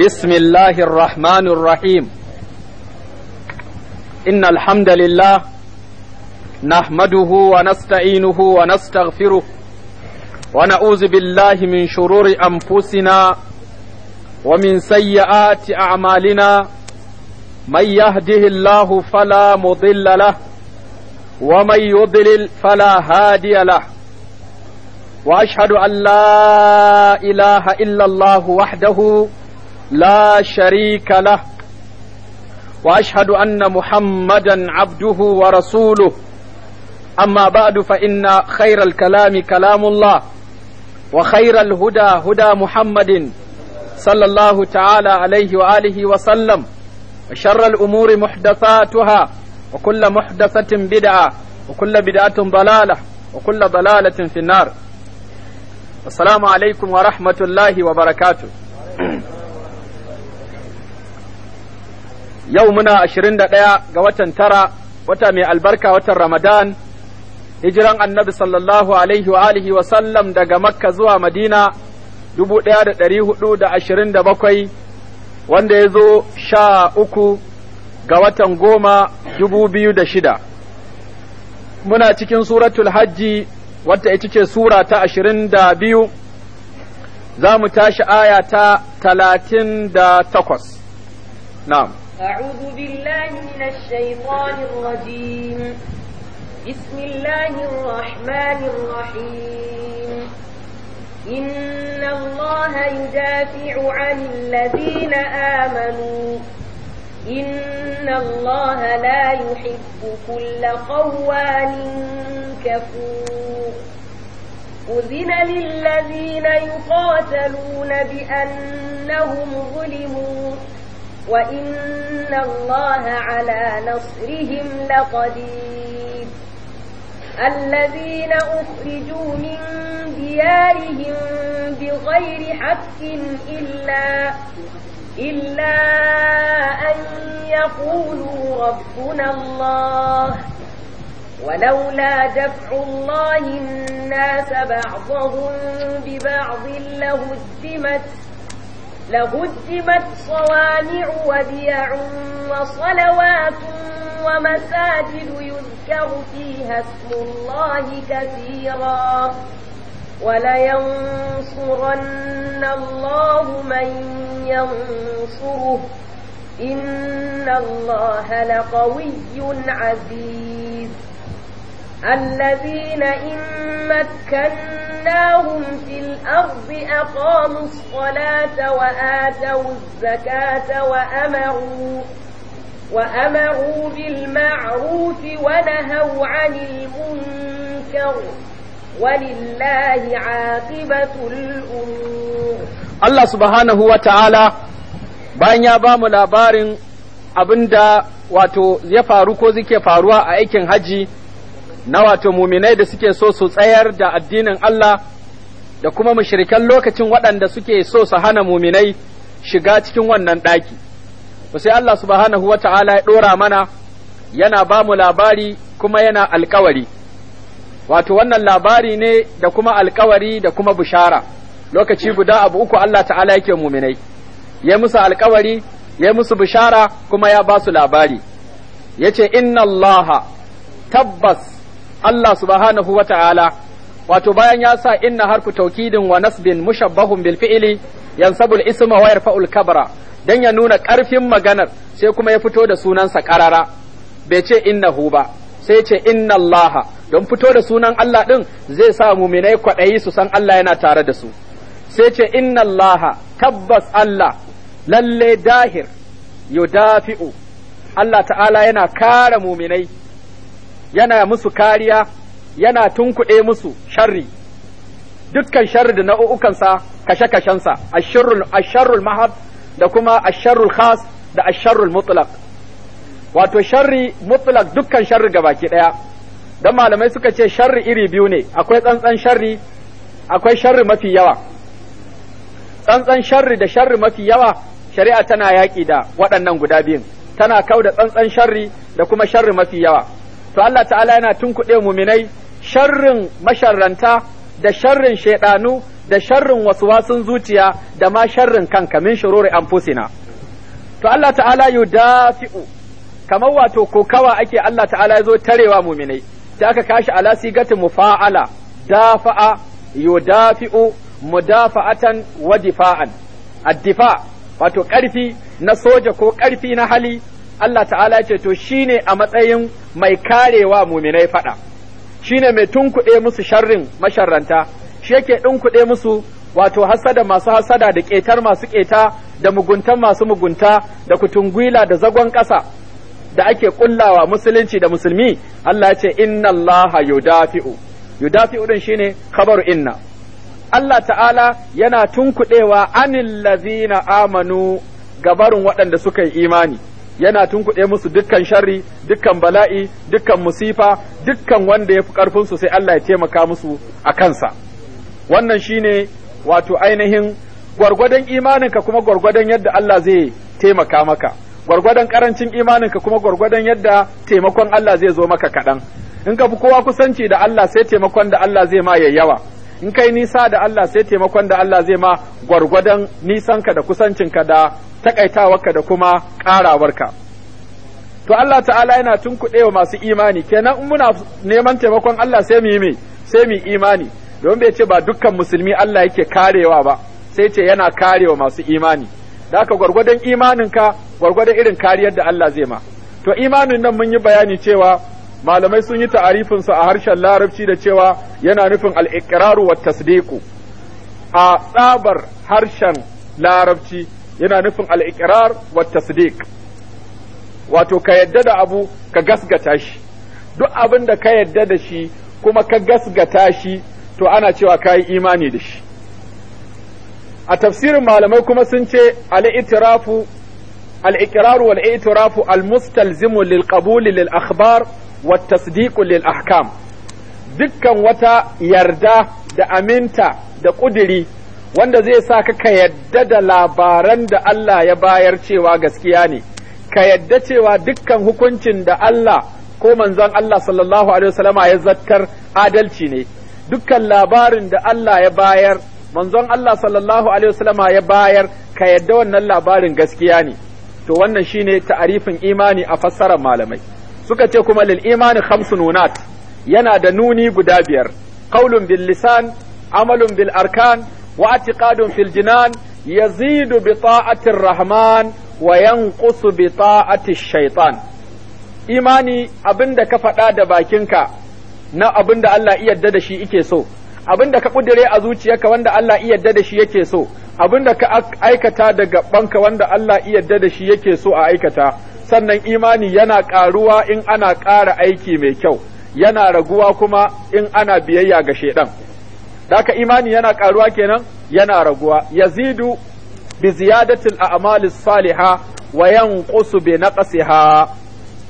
بسم الله الرحمن الرحيم إن الحمد لله نحمده ونستعينه ونستغفره ونعوذ بالله من شرور أنفسنا ومن سيئات أعمالنا من يهده الله فلا مضل له ومن يضلل فلا هادي له وأشهد أن لا إله إلا الله وحده وحده لا شريك له واشهد ان محمدا عبده ورسوله اما بعد فان خير الكلام كلام الله وخير الهدى هدى محمد صلى الله تعالى عليه واله وسلم وشر الامور محدثاتها وكل محدثه بدعه وكل بدعه ضلاله وكل ضلاله في النار السلام عليكم ورحمه الله وبركاته yau muna ashirin da ɗaya ga watan tara wata mai albarka watan Ramadan, hijiran annabi sallallahu alaihi wa alihi wa sallam daga Makka zuwa Madina dubu ɗaya da ɗari hudu da ashirin da bakwai wanda ya zo sha uku ga watan goma dubu biyu da shida. Muna cikin suratul hajji wata ita ce Sura ta ashirin da biyu, za mu tashi aya ta talatin da takwas. Na'am. أعوذ بالله من الشيطان الرجيم بسم الله الرحمن الرحيم إن الله يدافع عن الذين آمنوا إن الله لا يحب كل قوان كفور أذن للذين يقاتلون بأنهم ظلموا وإن الله على نصرهم لقدير الذين أخرجوا من ديارهم بغير حق إلا إلا أن يقولوا ربنا الله ولولا دفع الله الناس بعضهم ببعض لهدمت لهدمت صوامع وبيع وصلوات ومساجد يذكر فيها اسم الله كثيرا ولينصرن الله من ينصره إن الله لقوي عزيز الذين إن مكناهم في الأرض أقاموا الصلاة وآتوا الزكاة وأمروا وأمروا بالمعروف ونهوا عن المنكر ولله عاقبة الأمور الله سبحانه وتعالى bayan ya ba mu labarin abin da wato ya faru ko zike faruwa a aikin haji na wato muminai da suke so su tsayar da addinin Allah da kuma mushrikan lokacin waɗanda suke so su hana muminai shiga cikin wannan ɗaki. sai Allah subhanahu wa ta'ala ya ɗora mana yana ba mu labari kuma yana alkawari. Wato wannan labari ne da kuma alkawari da kuma bushara, lokaci guda abu uku Allah ta'ala yake muminai, ya musu alkawari, ya musu bushara kuma ya ba su labari. Ya ce, Inna Allah tabbas Allah subhanahu wa ta'ala wato bayan ya sa inna harfu taukidin wa nasbin mushabbahun bil fi'ili yansabul isma wa yarfa'ul kabra dan ya nuna ƙarfin maganar sai kuma ya fito da sunansa karara bai ce innahu ba sai ce inna allaha don fito da sunan Allah din zai sa muminai kwaɗayi su san Allah yana tare da su sai ce inna allaha tabbas Allah lalle dahir yudafi'u Allah ta'ala yana kare muminai yana musu kariya yana tunkuɗe musu sharri dukkan sharri da nau'ukansa kashe-kashensa asharrul mahab da kuma asharrul khas da asharrul mutlaq wato sharri mutlaq dukkan sharri gabaki ɗaya don malamai suka ce sharri iri biyu ne akwai tsantsan sharri akwai sharri mafi yawa tsantsan sharri da sharri mafi yawa shari'a tana yaƙi da waɗannan guda biyun tana kau da tsantsan sharri da kuma sharri mafi yawa to Allah ta'ala yana tunkuɗe muminai sharrin masharranta da sharrin shaiɗanu da sharrin wasuwasun zuciya da ma sharrin kanka min shururi anfusina to Allah ta'ala yudafi'u kamar wato kokawa ake Allah ta'ala ya zo tarewa muminai da aka kashi ala sigatin mufa'ala dafa'a yudafi'u mudafa'atan wa difa'an difa wato ƙarfi na soja ko ƙarfi na hali Allah ta'ala ya ce to shine a matsayin mai karewa muminai fada shine mai tunkuɗe musu sharrin masharranta shi yake ɗunkuɗe musu wato hasada masu hasada da ƙetar masu ƙeta da muguntan masu mugunta da kutungwila da zagon ƙasa da ake ƙullawa musulunci da musulmi Allah ya ce inna Allah yudafi'u yudafi'u din shine khabaru inna Allah ta'ala yana tunkuɗewa anil lazina amanu gabarin waɗanda suka yi imani yana tunkuɗe musu dukkan sharri dukkan bala'i dukkan musifa dukkan wanda ya fi ƙarfinsu sai Allah ya taimaka musu a kansa wannan shine wato ainihin gwargwadon imaninka kuma gwargwadon yadda Allah zai taimaka maka gwargwadon karancin imaninka kuma gwargwadon yadda taimakon Allah zai zo maka kaɗan in ka fi kowa kusanci da Allah sai taimakon da Allah zai ma yayyawa in kai nisa da Allah sai taimakon da Allah zai ma gwargwadon nisanka da kusancin ka da takaitawarka da kuma ƙarawarka to Allah ta'ala yana tunkuɗe wa masu imani kenan in muna neman taimakon Allah sai mu yi me sai mu imani don bai ce ba dukkan musulmi Allah yake karewa ba sai ce yana karewa masu imani da haka gwargwadon imaninka gwargwadon irin kariyar da Allah zai ma to imanin nan mun yi bayani cewa malamai sun yi ta'arifin su a harshen larabci da cewa yana nufin al'ikiraru iqraru wat a tsabar harshen larabci yana nufin al-iqrar wa wato ka yadda da abu ka gasgata shi duk abin da ka yadda da shi kuma ka gasgata shi to ana cewa ka yi imani da shi a tafsirin malamai kuma sun ce al-itirafu al wal itirafu al-mustalzimu lil qabuli lil akhbar wa tasdiq lil ahkam dukkan wata yarda da aminta da kudiri wanda zai sa ka ka yadda da labaran da Allah ya bayar cewa gaskiya ne ka yadda cewa dukkan hukuncin da Allah ko manzon Allah sallallahu alaihi wasallama ya zartar adalci ne dukkan labarin da Allah ya bayar manzon Allah sallallahu alaihi wasallama ya bayar ka yadda wannan labarin gaskiya ne to wannan shine ta'arifin imani a fassarar malamai suka ce kuma lil imani khamsu nunat yana da nuni guda biyar qaulun bil lisan amalun bil arkan واعتقاد في الجنان يزيد بطاعة الرحمن وينقص بطاعة الشيطان imani abinda ka faɗa da bakinka na abinda Allah iya yarda da shi yake so abinda ka kudire a zuciyarka wanda Allah iya yarda da shi yake so abinda ka aikata da gabanka wanda Allah iya yarda da shi yake so a aikata sannan imani yana ƙaruwa in ana ƙara aiki mai kyau yana raguwa kuma in ana biyayya ga shaidan Daka imani yana karuwa kenan yana raguwa yazidu bi ziyadatil a'mali saliha wa yanqusu bi naqsiha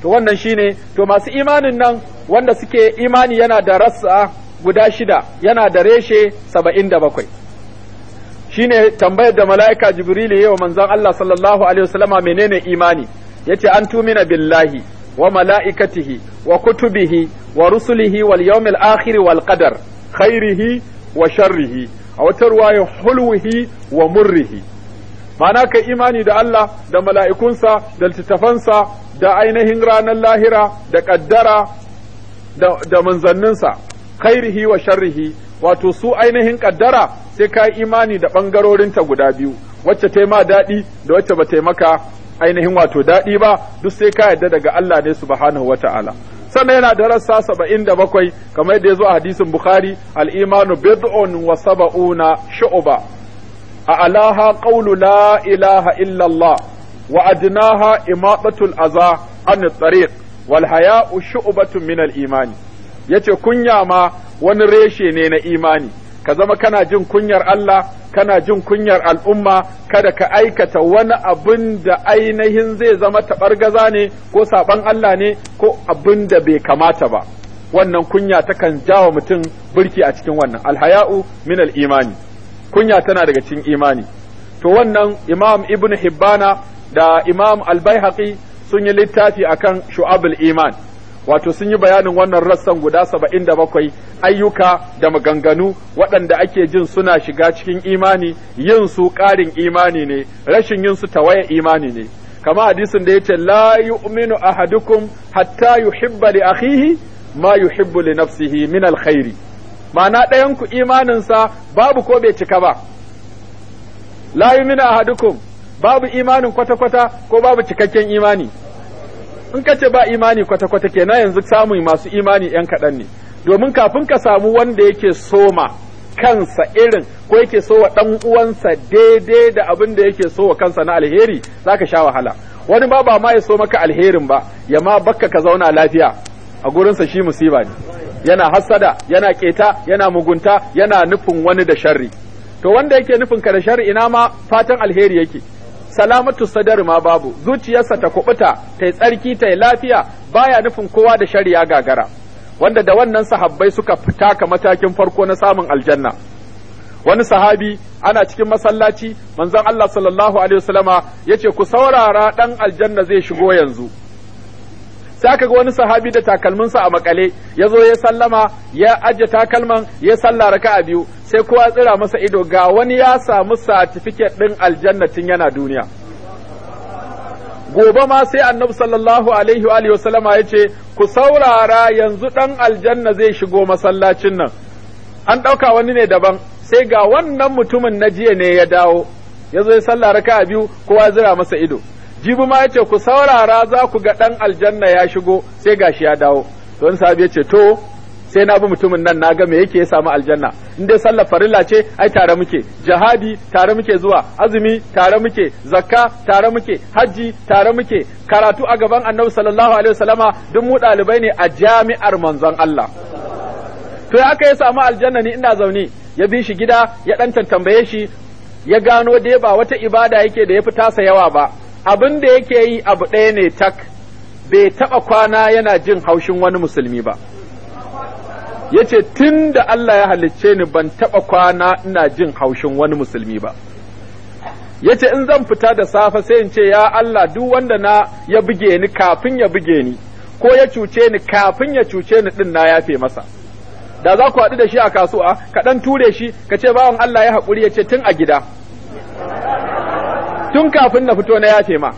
to wannan shine to masu imanin nan wanda suke imani yana da rassa guda shida yana da reshe saba'in da bakwai shine tambayar da mala'ika jibrilu yayi wa manzon Allah sallallahu alaihi wasallama menene imani yace an tumina billahi wa mala'ikatihi wa kutubihi wa rusulihi wal yawmil akhir wal qadar khairihi wa sharrihi a wata ruwaya hulwihi wa murrihi mana ka imani da Allah da mala'ikunsa da littattafansa da ainihin ranar lahira da ƙaddara da manzanninsa khairihi wa sharrihi wato su ainihin ƙaddara sai ka imani da ɓangarorinta guda biyu wacce ta ma daɗi da wacce ba taimaka ainihin wato daɗi ba duk sai ka yarda daga Allah ne subhanahu wata'ala sannan yana da rassa saba'in da bakwai kamar yadda ya zo a hadisin bukhari al'imanu bid'un wa saba'una shu'uba a alaha qawlu la ilaha illallah wa adnaha imatatul aza an tariq wal haya'u shu'batun min al imani yace kunya ma wani reshe ne na imani ka zama kana jin kunyar Allah kana jin kunyar al'umma kada ka aikata wani abin da ainihin zai zama taɓargaza ne ko saɓan Allah ne ko abin da bai kamata ba wannan kunya takan jawa mutum birki a cikin wannan alhaya'u min imani kunya tana daga cikin imani to wannan imam ibnu hibbana da imam albaihaqi sun yi littafi akan shu'abul iman wato sun yi bayanin wannan rassan guda saba'in da bakwai ayyuka da maganganu waɗanda ake jin suna shiga cikin imani yin su ƙarin imani ne rashin yin su tawaye imani ne kama hadisin da yace la yu'minu ahadukum hatta yuhibba li akhihi ma yuhibbu li nafsihi min alkhairi ma'ana ɗayan ku imanin sa babu ko bai cika ba la yu'minu ahadukum babu imanin kwata-kwata ko babu cikakken imani in ka ce ba imani kwata-kwata kenan yanzu samun masu imani ‘yan kaɗan ne domin kafin ka samu wanda yake soma kansa irin ko yake sowa ɗan uwansa daidai da abin da yake so wa kansa na alheri za ka sha wahala wani ba ba ma ya so maka alherin ba ya ma bakka ka zauna lafiya a gurinsa shi musiba ne yana hassada yana keta yana mugunta yana nufin wani da sharri to wanda yake nufin ka da sharri ina ma fatan alheri yake salamatu sadar ma babu zuciyarsa ta kubuta ta yi tsarki ta yi lafiya baya nufin kowa da shari'a gagara wanda da wannan sahabbai suka fita ka matakin farko na samun aljanna wani sahabi ana cikin masallaci manzon Allah sallallahu alaihi wasallama yace ku saurara dan aljanna zai shigo yanzu sai aka ga wani sahabi da takalminsa a makale ya zo ya sallama ya ajiye takalman ya salla raka'a biyu sai kowa tsira masa ido ga wani ya samu satifiket ɗin aljannatin yana duniya gobe ma sai annabi sallallahu alaihi wa alihi wasallama ya ce ku saurara yanzu dan aljanna zai shigo masallacin nan an ɗauka wani ne daban sai ga wannan mutumin na jiya ne ya dawo ya zo ya salla raka biyu kowa zira masa ido jibi ma yace ku saurara za ku ga ɗan aljanna ya shigo sai gashi ya dawo to wani sahabi yace to sai na bi mutumin nan na ga me yake ya samu aljanna in dai sallar farilla ce ai tare muke jihadi tare muke zuwa azumi tare muke zakka tare muke hajji tare muke karatu a gaban annabi sallallahu alaihi wasallama duk mu dalibai ne a jami'ar manzon Allah to ya aka ya samu aljanna ni ina zaune ya bi shi gida ya dan tantambaye shi ya gano dai ba wata ibada yake da ya fi tasa yawa ba abin da yake yi abu ɗaya ne tak bai taɓa kwana yana jin haushin wani musulmi ba yace tun da Allah ya halicce ni ban taɓa kwana ina jin haushin wani musulmi ba yace in zan fita da safe sai in ce ya Allah duk wanda na ya buge ni kafin ya buge ni ko ya cuce ni kafin ya cuce ni din na yafe masa da za ku haɗu da shi a kasuwa ka ɗan ture shi ka ce bawan Allah ya haƙuri yace ce tun a gida tun kafin na fito na yafe ma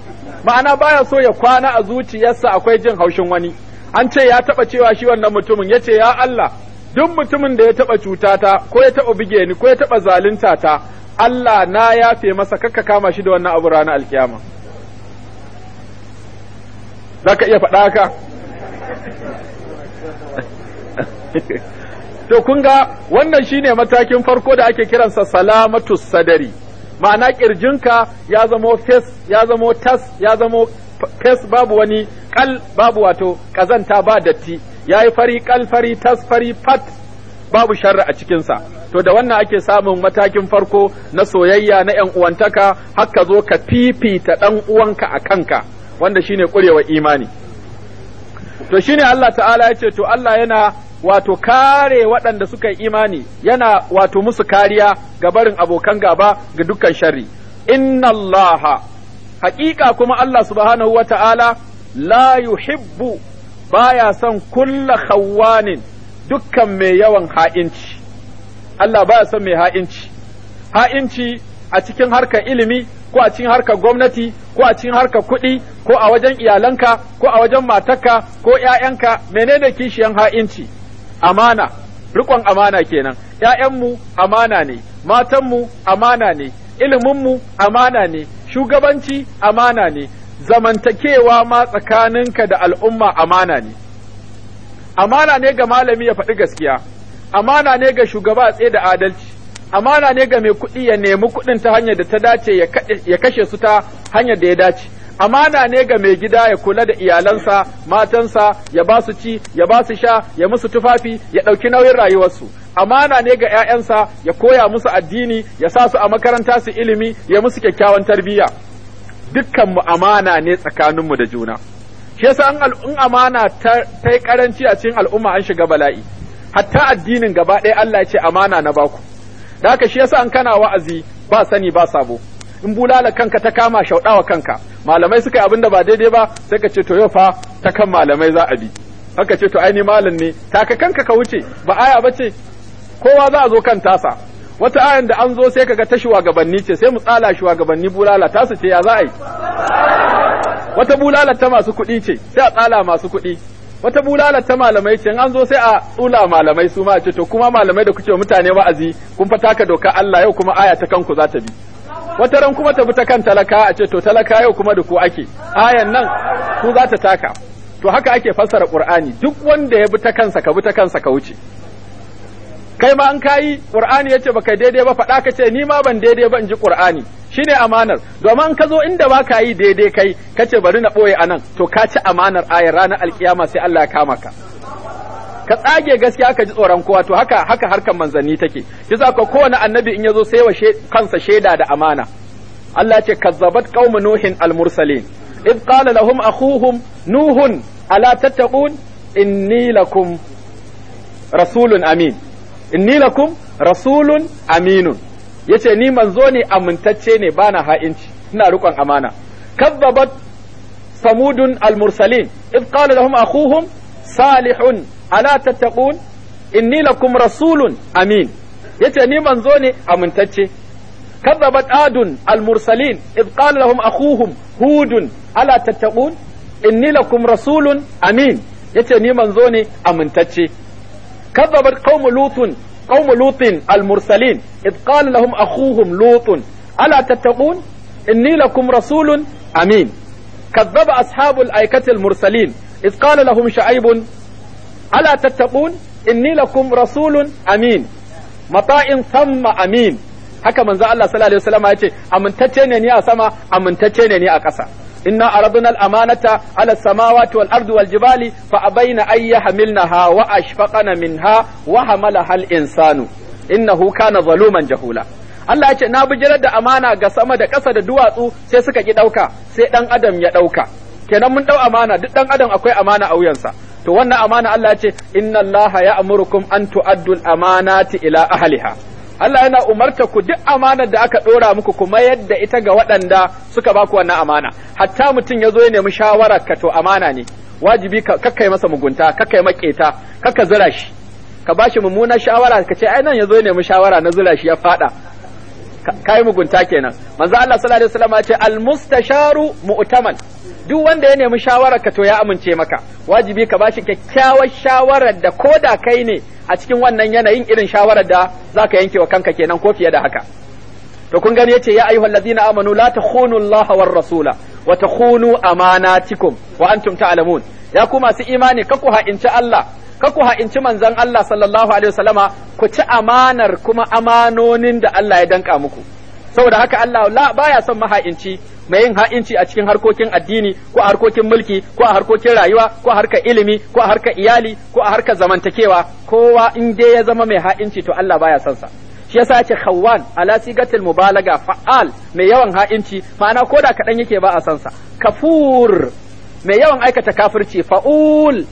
ma'ana baya so ya kwana a zuciyarsa akwai jin haushin wani an ce ya taba cewa shi wannan mutumin yace ya Allah duk mutumin da ya taba cutata ko ya taba bige ni ko ya taba zalunta ta Allah na yafe masa kakka kama shi da wannan abu ranar alkiyama zaka iya faɗa haka to kun ga wannan shine matakin farko da ake kiransa salamatu sadari ma'ana kirjinka ya zamo fes ya zamo tas ya zamo fes babu wani kal babu wato kazanta ba datti yayi fari kal fari tas fari fat babu sharri a cikinsa to da wannan ake samun matakin farko na soyayya na yan uwantaka har ka zo ka fifita ɗan uwanka a kanka wanda shine kurewa imani to shine Allah ta'ala ya ce to Allah yana wato kare waɗanda suka yi imani yana wato musu kariya ga barin abokan gaba ga dukkan sharri inna allaha haƙiƙa kuma Allah subhanahu wa ta'ala la yuhibbu baya son kulla khawwanin dukkan mai yawan ha'inci Allah baya son mai ha'inci ha'inci a cikin harkar ilimi ko a cikin harkar gwamnati ko a cikin harkar kuɗi ko a wajen iyalanka ko a wajen matarka ko ‘ya'yanka menene kishiyan ha'inci amana rikon amana kenan ‘ya'yanmu amana ne matanmu amana ne iliminmu amana ne shugabanci amana ne zamantakewa ma tsakaninka da al'umma amana ne amana ne ga malami ya faɗi gaskiya amana ne ga shugaba tsaye da adalci amana ne ga mai kuɗi ya nemi kuɗin ta hanyar da ta dace ya kashe su ta hanyar da ya dace amana ne ga mai gida ya kula da iyalansa matansa ya ba su ci ya ba su sha ya musu tufafi ya ɗauki nauyin rayuwarsu amana ne ga 'ya'yansa ya koya musu addini ya sa su a makaranta su ilimi ya musu kyakkyawan tarbiyya dukkanmu amana ne tsakaninmu da juna shi yasa amana ta yi karanci a cikin al'umma an shiga bala'i hatta addinin gaba ɗaya Allah ya ce amana na baku da haka shi yasa an kana wa'azi ba sani ba sabo in bulala kanka ta kama shauɗawa kanka malamai suka yi abin da ba daidai ba sai ka ce to yau fa ta kan malamai za a bi haka ce to ai ni malam ne taka kanka ka wuce ba aya ba ce. kowa za a zo kan tasa wata ayan da an zo sai kaga ta shugabanni ce sai mu tsala shugabanni bulala tasu ce ya za a yi wata bulala ta masu kuɗi ce sai a tsala masu kuɗi wata bulala ta malamai ce an zo sai a tsula malamai su ma ce to kuma malamai da kuke mutane wa'azi kun fa taka doka Allah yau kuma aya ta kanku za ta bi wata ran kuma ta bi ta kan talaka a ce to talaka yau kuma da ku ake ayan nan ku za ta taka to haka ake fassara qur'ani duk wanda ya bi ta kansa ka bi ta kansa ka wuce kai ma an kayi qur'ani yace baka daidai ba faɗa ka ce ni ma ban daidai ba in ji qur'ani shine amanar domin ka zo inda ba ka yi daidai kai kace bari na boye anan to ka ci amanar ayar ranar alkiyama sai Allah ya kama ka ka tsage gaskiya ka ji tsoron kowa to haka haka harkan manzanni take yasa ko kowane annabi in yazo sai wa kansa shaida da amana Allah ce kazzabat qaumu nuhin almursalin mursalin id qala lahum akhuhum nuhun ala tattaqun inni lakum rasulun amin inni lakum rasulun aminun yace ni manzo ne amintacce ne bana ha'inci ina riƙon amana kazzabat samudun almursalin mursalin id qala lahum akhuhum salihun ala tattaqun inni lakum rasulun amin yace ni manzo ne amintacce kadzabat adun almursalin id qala lahum akhuhum hudun ala tattaqun inni lakum rasulun amin yace ni manzo ne amintacce kadzabat qaumu lutun qaumu lutin almursalin id qala lahum akhuhum lutun ala tattaqun inni lakum rasulun amin كذب أصحاب الأيكة المرسلين إذ قال لهم شعيب ala tattaqun inni lakum rasulun amin mata'in samma amin haka manzo Allah sallallahu alaihi wasallam ya amintacce ne ni a sama amintacce ne ni a ƙasa inna aradna al-amanata ala samawati wal ardi wal jibali fa abaina ayya hamilnaha wa ashfaqana minha wa hamalaha al-insanu innahu kana zaluman jahula Allah ya ce na bijirar da amana ga sama da ƙasa da duwatsu sai suka ki ɗauka sai ɗan adam ya ɗauka kenan mun ɗau amana duk ɗan adam akwai amana a wuyansa to wannan amana Allah ya ce inna Allah amurkum an tu'addu al-amanati ila ahliha Allah yana umarta ku duk amanar da aka ɗora muku kuma yadda ita ga waɗanda suka ba ku wannan amana hatta mutum ya zo ya nemi shawara ka to amana ne wajibi ka kakkai masa mugunta kakkai maketa kakka zira shi ka bashi shi shawara ka ce ai nan ya zo ya nemi shawara na zira shi ya faɗa kai mugunta kenan manzo Allah sallallahu alaihi wasallam ya ce al mustasharu mu'taman duk wanda ya nemi shawara ka to ya amince maka wajibi ka bashi kyakkyawar shawarar da koda kai ne a cikin wannan yanayin irin shawarar da zaka yanke wa kanka kenan ko fiye da haka to kun gani yace ya ayyuhallazina amanu la takhunu Allah war rasula wa kunu amanatikum wa antum ta'lamun ya ku masu imani ka ku ha'inci Allah ka ku ha'inci manzon Allah sallallahu alaihi wasallama ku ci amanar kuma amanonin da Allah ya danka muku saboda haka Allah la baya son maha'inci mai yin ha'inci a cikin harkokin addini ko a harkokin mulki ko a harkokin rayuwa ko a harkar ilimi ko a harkar iyali ko a harkar zamantakewa kowa in dai ya zama mai ha'inci to Allah baya son sa shi yasa ce khawwan ala sigatil mubalaga fa'al mai yawan ha'inci ma'ana koda kadan yake ba a san sa kafur mai yawan aikata kafirci fa'ul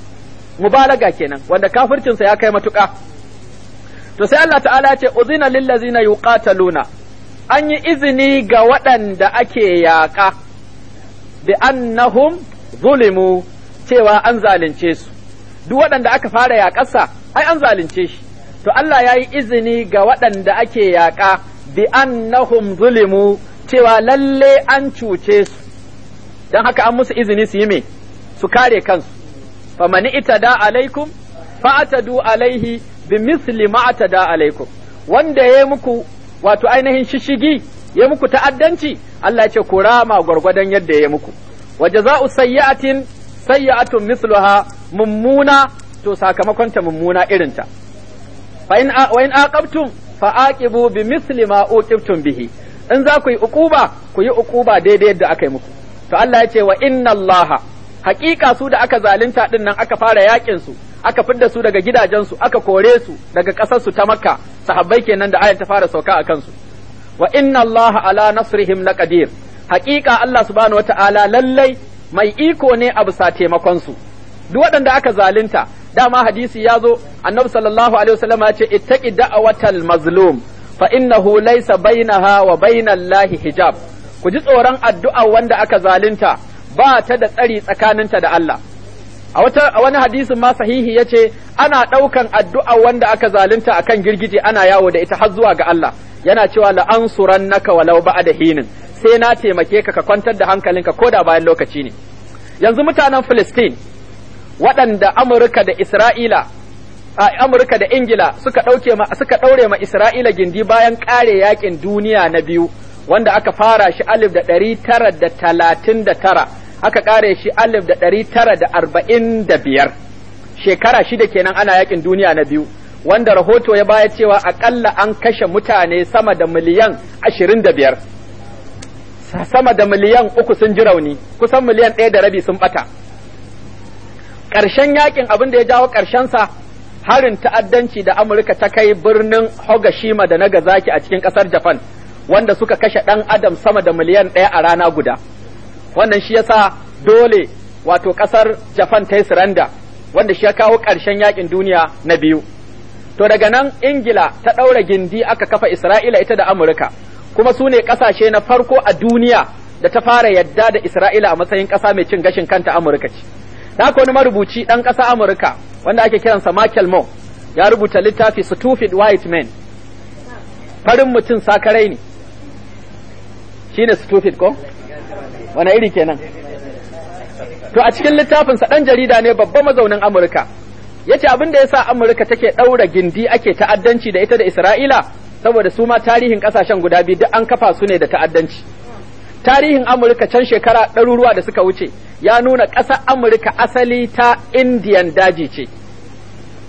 mubalaga kenan wanda kafircin sa ya kai matuka to sai Allah ta'ala ya ce uzina lil ladzina yuqataluna an yi izini ga waɗanda ake yaƙa bi annahum zulimu cewa an zalunce su duk waɗanda aka fara yaƙarsa ai an zalunce shi to Allah ya yi izini ga waɗanda ake yaƙa bi annahum zulimu cewa lalle an cuce su don haka an musu izini su yi me su kare kansu fa mani itada alaikum fa atadu alaihi bi misli ma atada alaikum wanda ya muku wato ainihin shishigi ya muku ta'addanci Allah ya ce ku rama gwargwadon yadda ya muku Waje wa jaza'u sayyi'atin sayyi'atun misluha mummuna to sakamakonta mummuna irinta fa in wa in aqabtum fa aqibu bi misli ma uqibtum bihi in za ku yi uquba ku yi uquba daidai yadda aka yi muku to Allah ya ce wa inna Allah haƙiƙa su da aka zalunta din nan aka fara yaƙinsu su aka fidda su daga gidajensu aka kore su daga ƙasarsu ta makka sahabbai kenan da ayan ta fara sauka a kansu wa inna allaha ala nasrihim laqadir haƙiƙa allah wata ala lallai mai iko ne a bisa taimakonsu. duk waɗanda aka zalunta dama hadisi ya zo annabi sallallahu alaihi wasallam ya ce ittaqi da'awatal mazlum fa innahu laysa bainaha wa bainallahi hijab ku ji tsoron addu'a wanda aka zalunta ba ta da tsari tsakaninta da Allah a wata wani hadisin ma sahihi yace ana daukan addu'a wanda aka zalunta akan girgije ana yawo da ita har zuwa ga Allah yana cewa la ansurannaka walau ba'da hinin sai na taimake ka ka kwantar da hankalinka da bayan lokaci ne yanzu mutanen Palestine waɗanda Amurka da Isra'ila a Amurka da Ingila suka ɗauke ma suka ɗaure ma Isra'ila gindi bayan ƙare yakin duniya na biyu wanda aka fara shi alif da ɗari tara da talatin da tara aka ƙare shi alif da ɗari tara da arba'in da biyar shekara shida kenan ana yaƙin duniya na biyu wanda rahoto ya baya cewa aƙalla an kashe mutane sama da miliyan ashirin da biyar sama da miliyan uku sun ji rauni kusan miliyan ɗaya da rabi sun ɓata ƙarshen yakin abin da ya jawo ƙarshensa harin ta'addanci da Amurka ta kai birnin Hogashima da Nagasaki a cikin ƙasar Japan wanda suka kashe ɗan adam sama da miliyan ɗaya a rana guda. Wannan shi yasa dole wato ƙasar Japan ta yi siranda wanda shi ya kawo ƙarshen yakin duniya na biyu. To daga nan Ingila ta ɗaura gindi aka kafa Isra'ila ita da Amurka kuma su ne ƙasashe na farko a duniya da ta fara yadda da Isra'ila a matsayin ƙasa mai cin gashin kanta Amurka ce. haka wani marubuci ɗan ƙasa Amurka wanda ake kiransa Michael Moore ya rubuta littafi Stupid White Men farin mutum sakarai ne shine stupid ko wani iri kenan to a cikin littafinsa ɗan jarida ne babba mazaunin Amurka ya ce abin da ya sa Amurka take ɗaura gindi ake ta'addanci da ita da Isra'ila saboda su ma tarihin ƙasashen guda biyu duk an kafa su ne da ta'addanci tarihin Amurka can shekara ɗaruruwa da suka wuce ya nuna ƙasar Amurka asali ta Indian daji ce.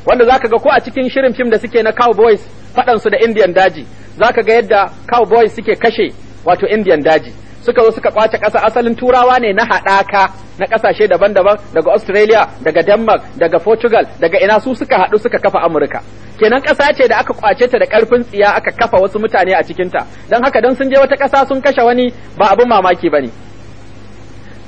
Wanda za ka ga ko a cikin shirin fim da suke na Cowboys faɗansu da Indian daji, za ka ga yadda Cowboys suke kashe wato Indian daji. suka zo suka kwace ƙasa asalin turawa ne na haɗaka na ƙasashe daban-daban daga Australia daga Denmark daga Portugal daga ina su suka haɗu suka kafa Amurka kenan ƙasa ce da aka kwace ta da ƙarfin tsiya aka kafa wasu mutane a cikinta don haka don sun je wata ƙasa sun kashe wani ba abin mamaki ba ne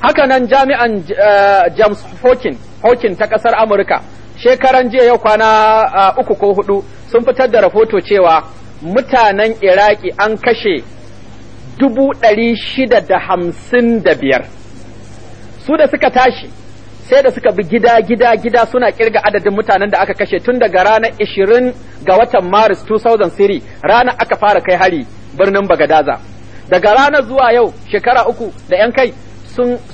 haka nan jami'an eh, James Hawking Hawking ta ƙasar Amurka shekaran jiya yau kwana eh, uku ko huɗu sun fitar da rahoto cewa mutanen Iraki an kashe dubu ɗari shida da hamsin da biyar su da suka tashi sai da suka bi gida gida gida suna kirga adadin mutanen da aka kashe tun daga ranar ishirin ga watan maris 2003 ranar aka fara kai hari birnin bagadaza daga ranar zuwa yau shekara uku da yan kai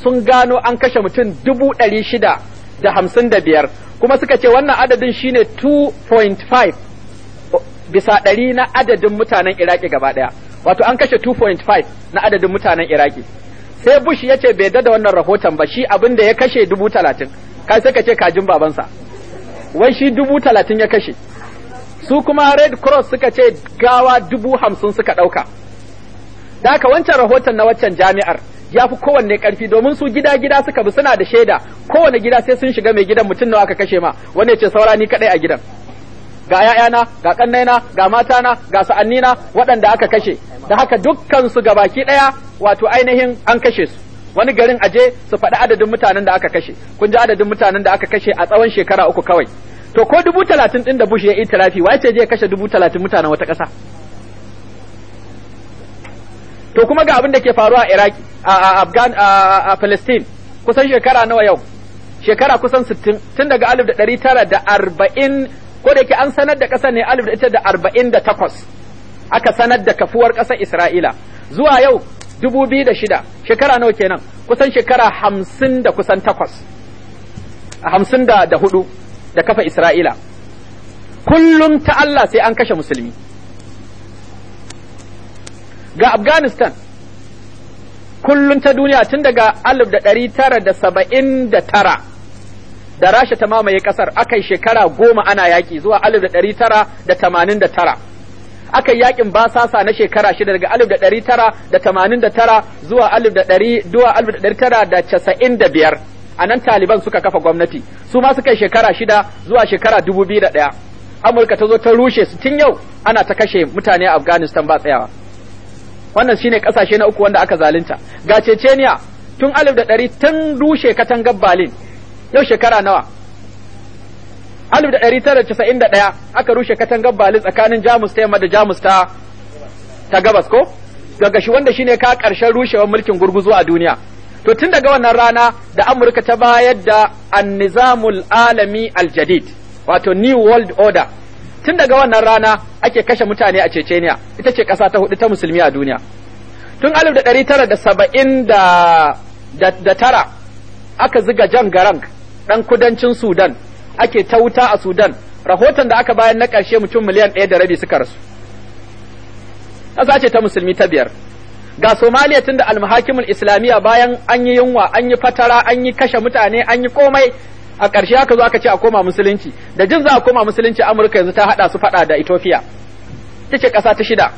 sun gano an kashe mutum dubu ɗari shida da hamsin da biyar kuma suka ce wannan adadin shine 2.5 bisa ɗari na adadin mutanen iraki gaba ɗaya wato an kashe 2.5 na adadin mutanen iraki sai bush ya ce bai da wannan rahoton ba shi abin da ya kashe dubu talatin kai sai ka ce kajin babansa wai shi dubu talatin ya kashe su kuma red cross suka ce gawa dubu hamsin suka ɗauka da haka wancan rahoton na waccan jami'ar ya fi kowanne ƙarfi domin su gida gida suka bi suna da shaida kowanne gida sai sun shiga mai gidan mutum nawa ka kashe ma wani ya ce saurani ni kaɗai a gidan ga ƴaƴana ga kannaina ga mata na ga sa'annina waɗanda aka kashe da haka dukkan su ga baki ɗaya wato ainihin an kashe su wani garin aje su faɗi adadin mutanen da aka kashe kun ji adadin mutanen da aka kashe a tsawon shekara uku kawai to ko dubu talatin ɗin da bush ya itirafi ce je kashe dubu talatin mutanen wata ƙasa to kuma ga abin da ke faruwa a iraki a afghan a palestine kusan shekara nawa yau shekara kusan sittin tun daga alif da da tara arba'in. ko da yake an sanar da ƙasa ne alif da ita da arba'in da takwas aka sanar da kafuwar ƙasar Isra'ila zuwa yau dubu biyu da shida shekara nawa kenan kusan shekara hamsin da kusan takwas hamsin da hudu da kafa Isra'ila kullum ta Allah sai an kashe musulmi ga Afghanistan kullum ta duniya tun daga alif da ɗari tara da saba'in da tara da rasha ta mamaye kasar akai shekara goma ana yaƙi zuwa alif da ɗari tara da tamanin da tara aka yakin basasa na shekara shida daga alif da ɗari tara da tamanin da tara zuwa alif da ɗari zuwa alif da ɗari tara da casa'in da biyar a nan taliban suka kafa gwamnati su ma suka shekara shida zuwa shekara dubu biyu da ɗaya amurka ta zo ta rushe su tun yau ana ta kashe mutane a afghanistan ba tsayawa wannan shine ƙasashe na uku wanda aka zalunta ga cecenia tun alif da ɗari tun rushe katangar berlin yau shekara nawa alif da ɗari tara casa'in da ɗaya aka rushe katangar bali tsakanin jamus ta yamma da jamus ta ta gabas ko daga shi wanda shine ka karshen rushewar mulkin gurguzu a duniya to tun daga wannan rana da amurka ta bayar da annizamul alami aljadid wato new world order tun daga wannan rana ake kashe mutane a ceceniya ita ce ƙasa ta hudu ta musulmi a duniya tun alif da ɗari tara da saba'in tara aka ziga jan garang ɗan kudancin Sudan ake ta wuta a Sudan rahoton da aka bayan na ƙarshe mutum miliyan ɗaya da rabi suka rasu ƙasa ce ta musulmi ta biyar ga Somaliya tun da almahakimul islamiyya bayan an yi yunwa an yi fatara an yi kashe mutane an yi komai a ƙarshe aka zo aka ce a koma musulunci da jin za a koma musulunci Amurka yanzu ta haɗa su faɗa da Ethiopia ta ce ƙasa ta shida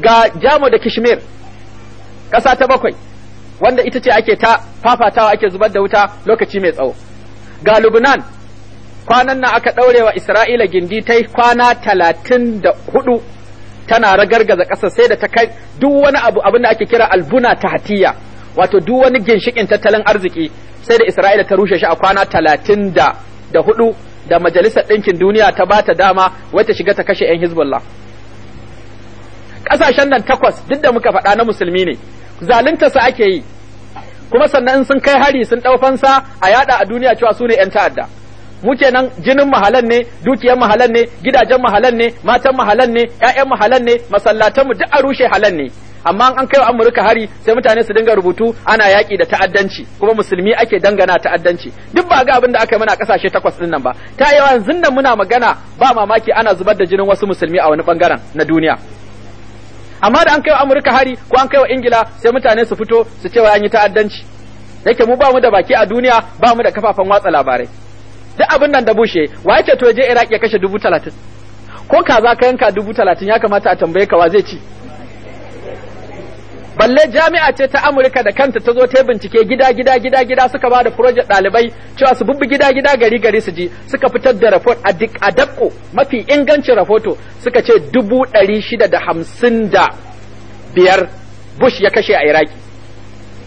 ga Jamo da Kishmir ƙasa ta bakwai wanda ita ce ake ta fafatawa ake zubar da wuta lokaci mai tsawo ga Lubnan kwanan nan aka ɗaure wa Isra'ila gindi ta kwana talatin da hudu tana ragargaza ƙasa sai da ta kai duk wani abu abin da ake kira albuna ta hatiya wato duk wani ginshikin tattalin arziki sai da Isra'ila ta rushe shi a kwana talatin da hudu da majalisar ɗinkin duniya ta ba ta dama wai ta shiga ta kashe 'yan Hezbollah. Ƙasashen nan takwas duk da muka faɗa na musulmi ne zalunta sa ake yi kuma sannan in sun kai hari sun dau fansa a yada a duniya cewa su ne yan ta'adda mu kenan jinin mahalan ne dukiyar mahalan ne gidajen mahalan ne matan mahalan ne ƴaƴan mahalan ne masallatanmu duk a rushe halan ne amma an kai wa Amurka hari sai mutane su dinga rubutu ana yaƙi da ta'addanci kuma musulmi ake dangana ta'addanci duk ba ga abin da aka yi mana kasashe takwas din nan ba ta yawa yanzu nan muna magana ba mamaki ana zubar da jinin wasu musulmi a wani bangaren na duniya amma da an kai wa Amurka hari ko an kai wa Ingila sai mutane su fito su cewa wa an yi ta'addanci yake mu ba mu da baki a duniya ba mu da kafafen watsa labarai duk abin nan da bushe wa yake to je Iraq ya kashe dubu talatin ko kaza ka yanka dubu talatin ya kamata a tambaye ka wa zai ci balle jami'a ce ta Amurka da kanta ta zo ta bincike gida gida gida gida suka ba da project dalibai cewa su bubbi gida gida gari gari su ji suka fitar da report a duk a mafi ingancin rahoto suka ce dubu ɗari shida da hamsin da biyar Bush ya kashe a Iraki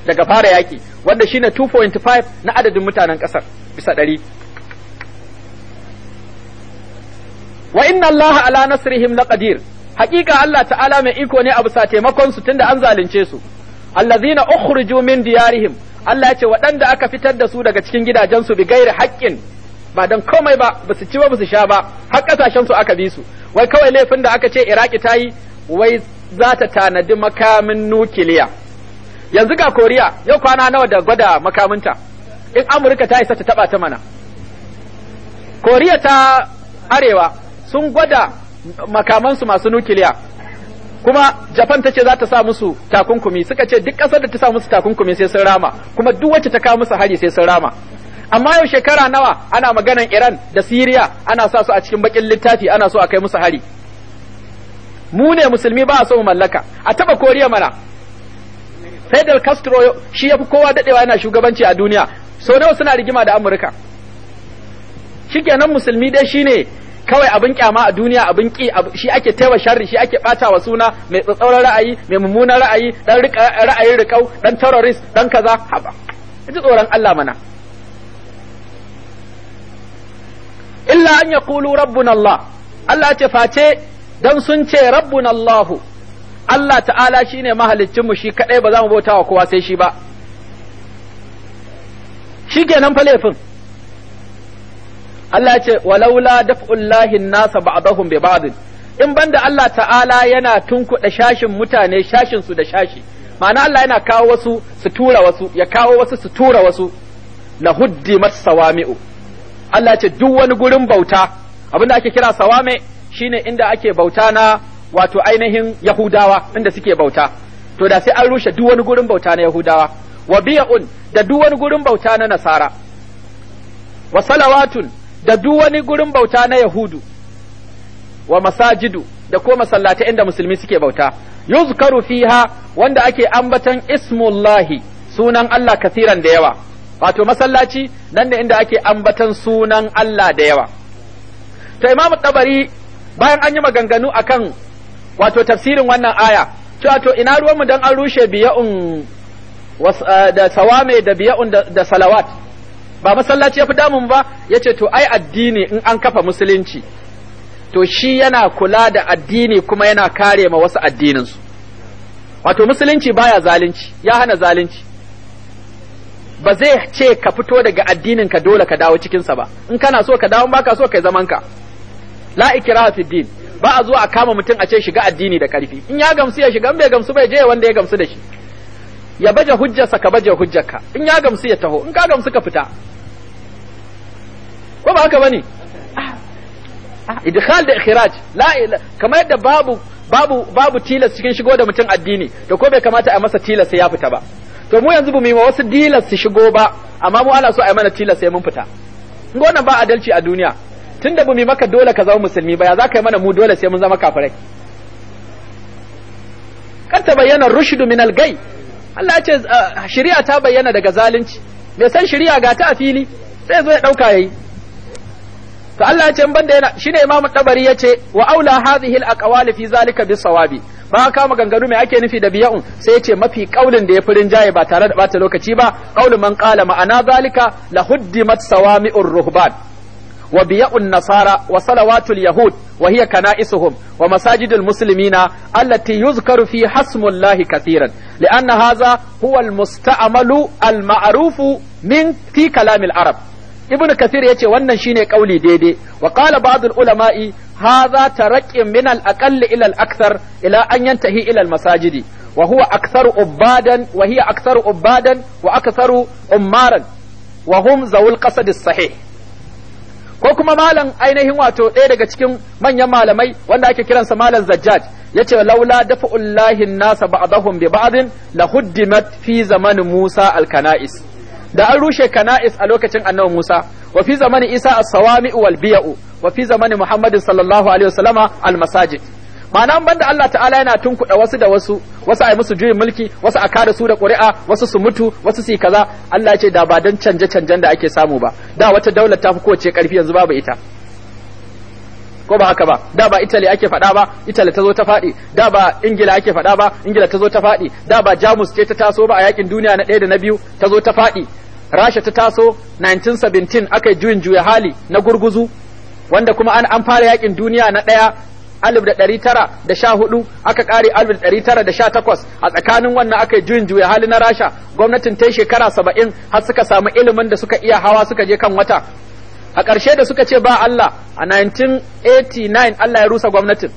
daga fara yaki wanda shine 2.5 na adadin mutanen ƙasar bisa ɗari wa inna Allah ala nasrihim laqadir hakika Allah ta'ala mai iko ne a bisa taimakon su tunda an zalunce su allazina ukhriju min diyarihim Allah ya ce waɗanda aka fitar da su daga cikin gidajen su bi gairi haƙƙin ba dan komai ba ba su ci ba ba su sha ba har kasashen su aka bi su wai kawai laifin da aka ce Iraki ta yi wai za ta tanadi makamin nukiliya yanzu ga Koriya yau kwana nawa da gwada makaminta in Amurka ta isa ta taba ta mana Koriya ta arewa sun gwada makamansu masu nukiliya kuma Japan ta ce za ta sa musu takunkumi suka ce duk ƙasar da ta sa musu takunkumi sai sun rama kuma duk wacce ta kawo musu hari sai sun rama amma yau shekara nawa ana maganan Iran da Siriya ana sa su a cikin bakin littafi ana so a kai musu hari mu ne musulmi ba a so mu mallaka a taba Koriya mana Fidel Castro shi yafi kowa dadewa yana shugabanci a duniya so nawa suna rigima da Amurka shikenan musulmi dai shine kawai abin kyama a duniya abin ki shi ake taiwa sharri shi ake bata wa suna mai tsatsauran ra'ayi mai mummunan ra'ayi dan ra'ayin rikau dan terrorist dan kaza haba ji tsoron Allah mana illa an yaqulu rabbuna Allah Allah ce face dan sun ce rabbuna Allahu Allah ta'ala shine mahaliccin mu shi kadai ba za mu bauta wa kowa sai shi ba shi kenan fa laifin Allah ya ce walaula daf'ullahi nasa ba'dahum bi ba'd in banda Allah ta'ala yana tunkuɗa shashin mutane shashin su da shashi ma'ana Allah yana kawo wasu su tura wasu ya kawo wasu su tura wasu la huddi sawami'u Allah ya ce duk wani gurin bauta abinda ake kira sawame shine inda ake bauta na wato ainihin Yahudawa inda suke bauta to da sai an rushe duk wani gurin bauta na Yahudawa wa bi'un da duk wani gurin bauta na Nasara wa salawatun da duk wani gurin bauta na yahudu wa masajidu da ko masallatai inda musulmi suke bauta yuzkaru fiha wanda ake ambatan ismullahi sunan Allah kasiran da yawa wato masallaci nan ne inda ake ambatan sunan Allah da yawa to imamu tabari bayan an yi maganganu akan wato tafsirin wannan aya cewa to ina ruwanmu dan an rushe biya'un eh, da sawame da biya'un da salawat ba masallaci ya fi damun ba ya ce to ai addini in an kafa musulunci to shi yana kula da addini kuma yana kare ma wasu addininsu wato musulunci baya zalunci ya hana zalunci ba zai ce ka fito daga addinin ka dole ka dawo cikinsa ba in kana so ka dawo ba ka so kai zaman ka la ikraha fi din ba a zuwa a kama mutum a ce shiga addini da karfi in ya gamsu ya shiga bai gamsu bai je wanda ya gamsu da shi ya baje hujjarsa ka baje hujjarka in ya gamsu ya taho in ka gamsu ka fita ko ba haka bane idkhal da ikhraj la kamar yadda babu babu babu tilas cikin shigo da mutum addini da ko bai kamata a masa tilas ya fita ba to mu yanzu bu mu wasu tilas su shigo ba amma mu ana so a mana tilas sai mun fita in wannan ba adalci a duniya tunda bu mu maka dole ka zama musulmi ba ya za ka yi mana mu dole sai mun zama kafirai kan ta bayyana rushdu min al-gay Allah ya ce ah, shari'a ta bayyana daga zalunci mai san shari'a ga ta a fili sai zo ya dauka yayi to Allah ya ce ban da yana shine Imam Tabari ya ce wa aula hadhihi al fi zalika bisawabi ba ka maganganu mai ake nufi da biya'un sai ya ce mafi kaulin da ya furin jaye ba tare da bata lokaci ba kaulin man qala ma'ana zalika la huddimat sawami'ur ruhban wa biya'un nasara wa salawatul yahud wa hiya kana'isuhum wa masajidul muslimina allati huzkaru fi hasmullahi kathiran li'anna haza huwa al-musta'malu al maarufu min fi kalamil arab ibnu ya ce wannan shine kauli daidai wa qala ba'd al-ulama'i hadha taraqqin min al-aqall ila al-akthar ila an yantahi ila masajidi wa huwa aktharu ubadan wa hiya ubadan wa aktharu ummaran wa hum zawul qasad as-sahih ko kuma malam ainihin wato ɗaya daga cikin manyan malamai wanda ake kiransa malam zajjaj ce laula dafa ullahin nasa ba'dahum bi ba'din la huddimat fi mani Musa Alkana'is. da an rushe kana'is a lokacin annabi Musa wa fi zamanin Isa as-sawami wal bi'u wa fi zamanin Muhammadin sallallahu alaihi wasallama al-masajid ma'ana banda Allah ta'ala yana tunkuɗa wasu da wasu wasu a musu juyin mulki wasu a kada su da ƙuri'a wasu su mutu wasu su kaza Allah ce da ba dan canje canjen da ake samu ba da wata daula ta fi kowace ƙarfi yanzu babu ita ko ba haka ba da ba Italy ake fada ba Italy ta zo ta faɗi da ba Ingila ake fada ba Ingila ta zo ta faɗi da ba Jamus ce ta taso ba a yakin duniya na ɗaya da na biyu ta zo ta faɗi Rasha ta taso 1917 aka yi juyin juya hali na gurguzu wanda kuma an, an fara yakin duniya na ɗaya alif da ɗari tara da sha hudu aka ƙare alif da ɗari tara da sha takwas a tsakanin wannan aka yi juyin juya hali na rasha gwamnatin ta shekara saba'in har suka samu ilimin da suka iya hawa suka je kan wata a ƙarshe da suka ce ba Allah a 1989 Allah ya rusa gwamnatin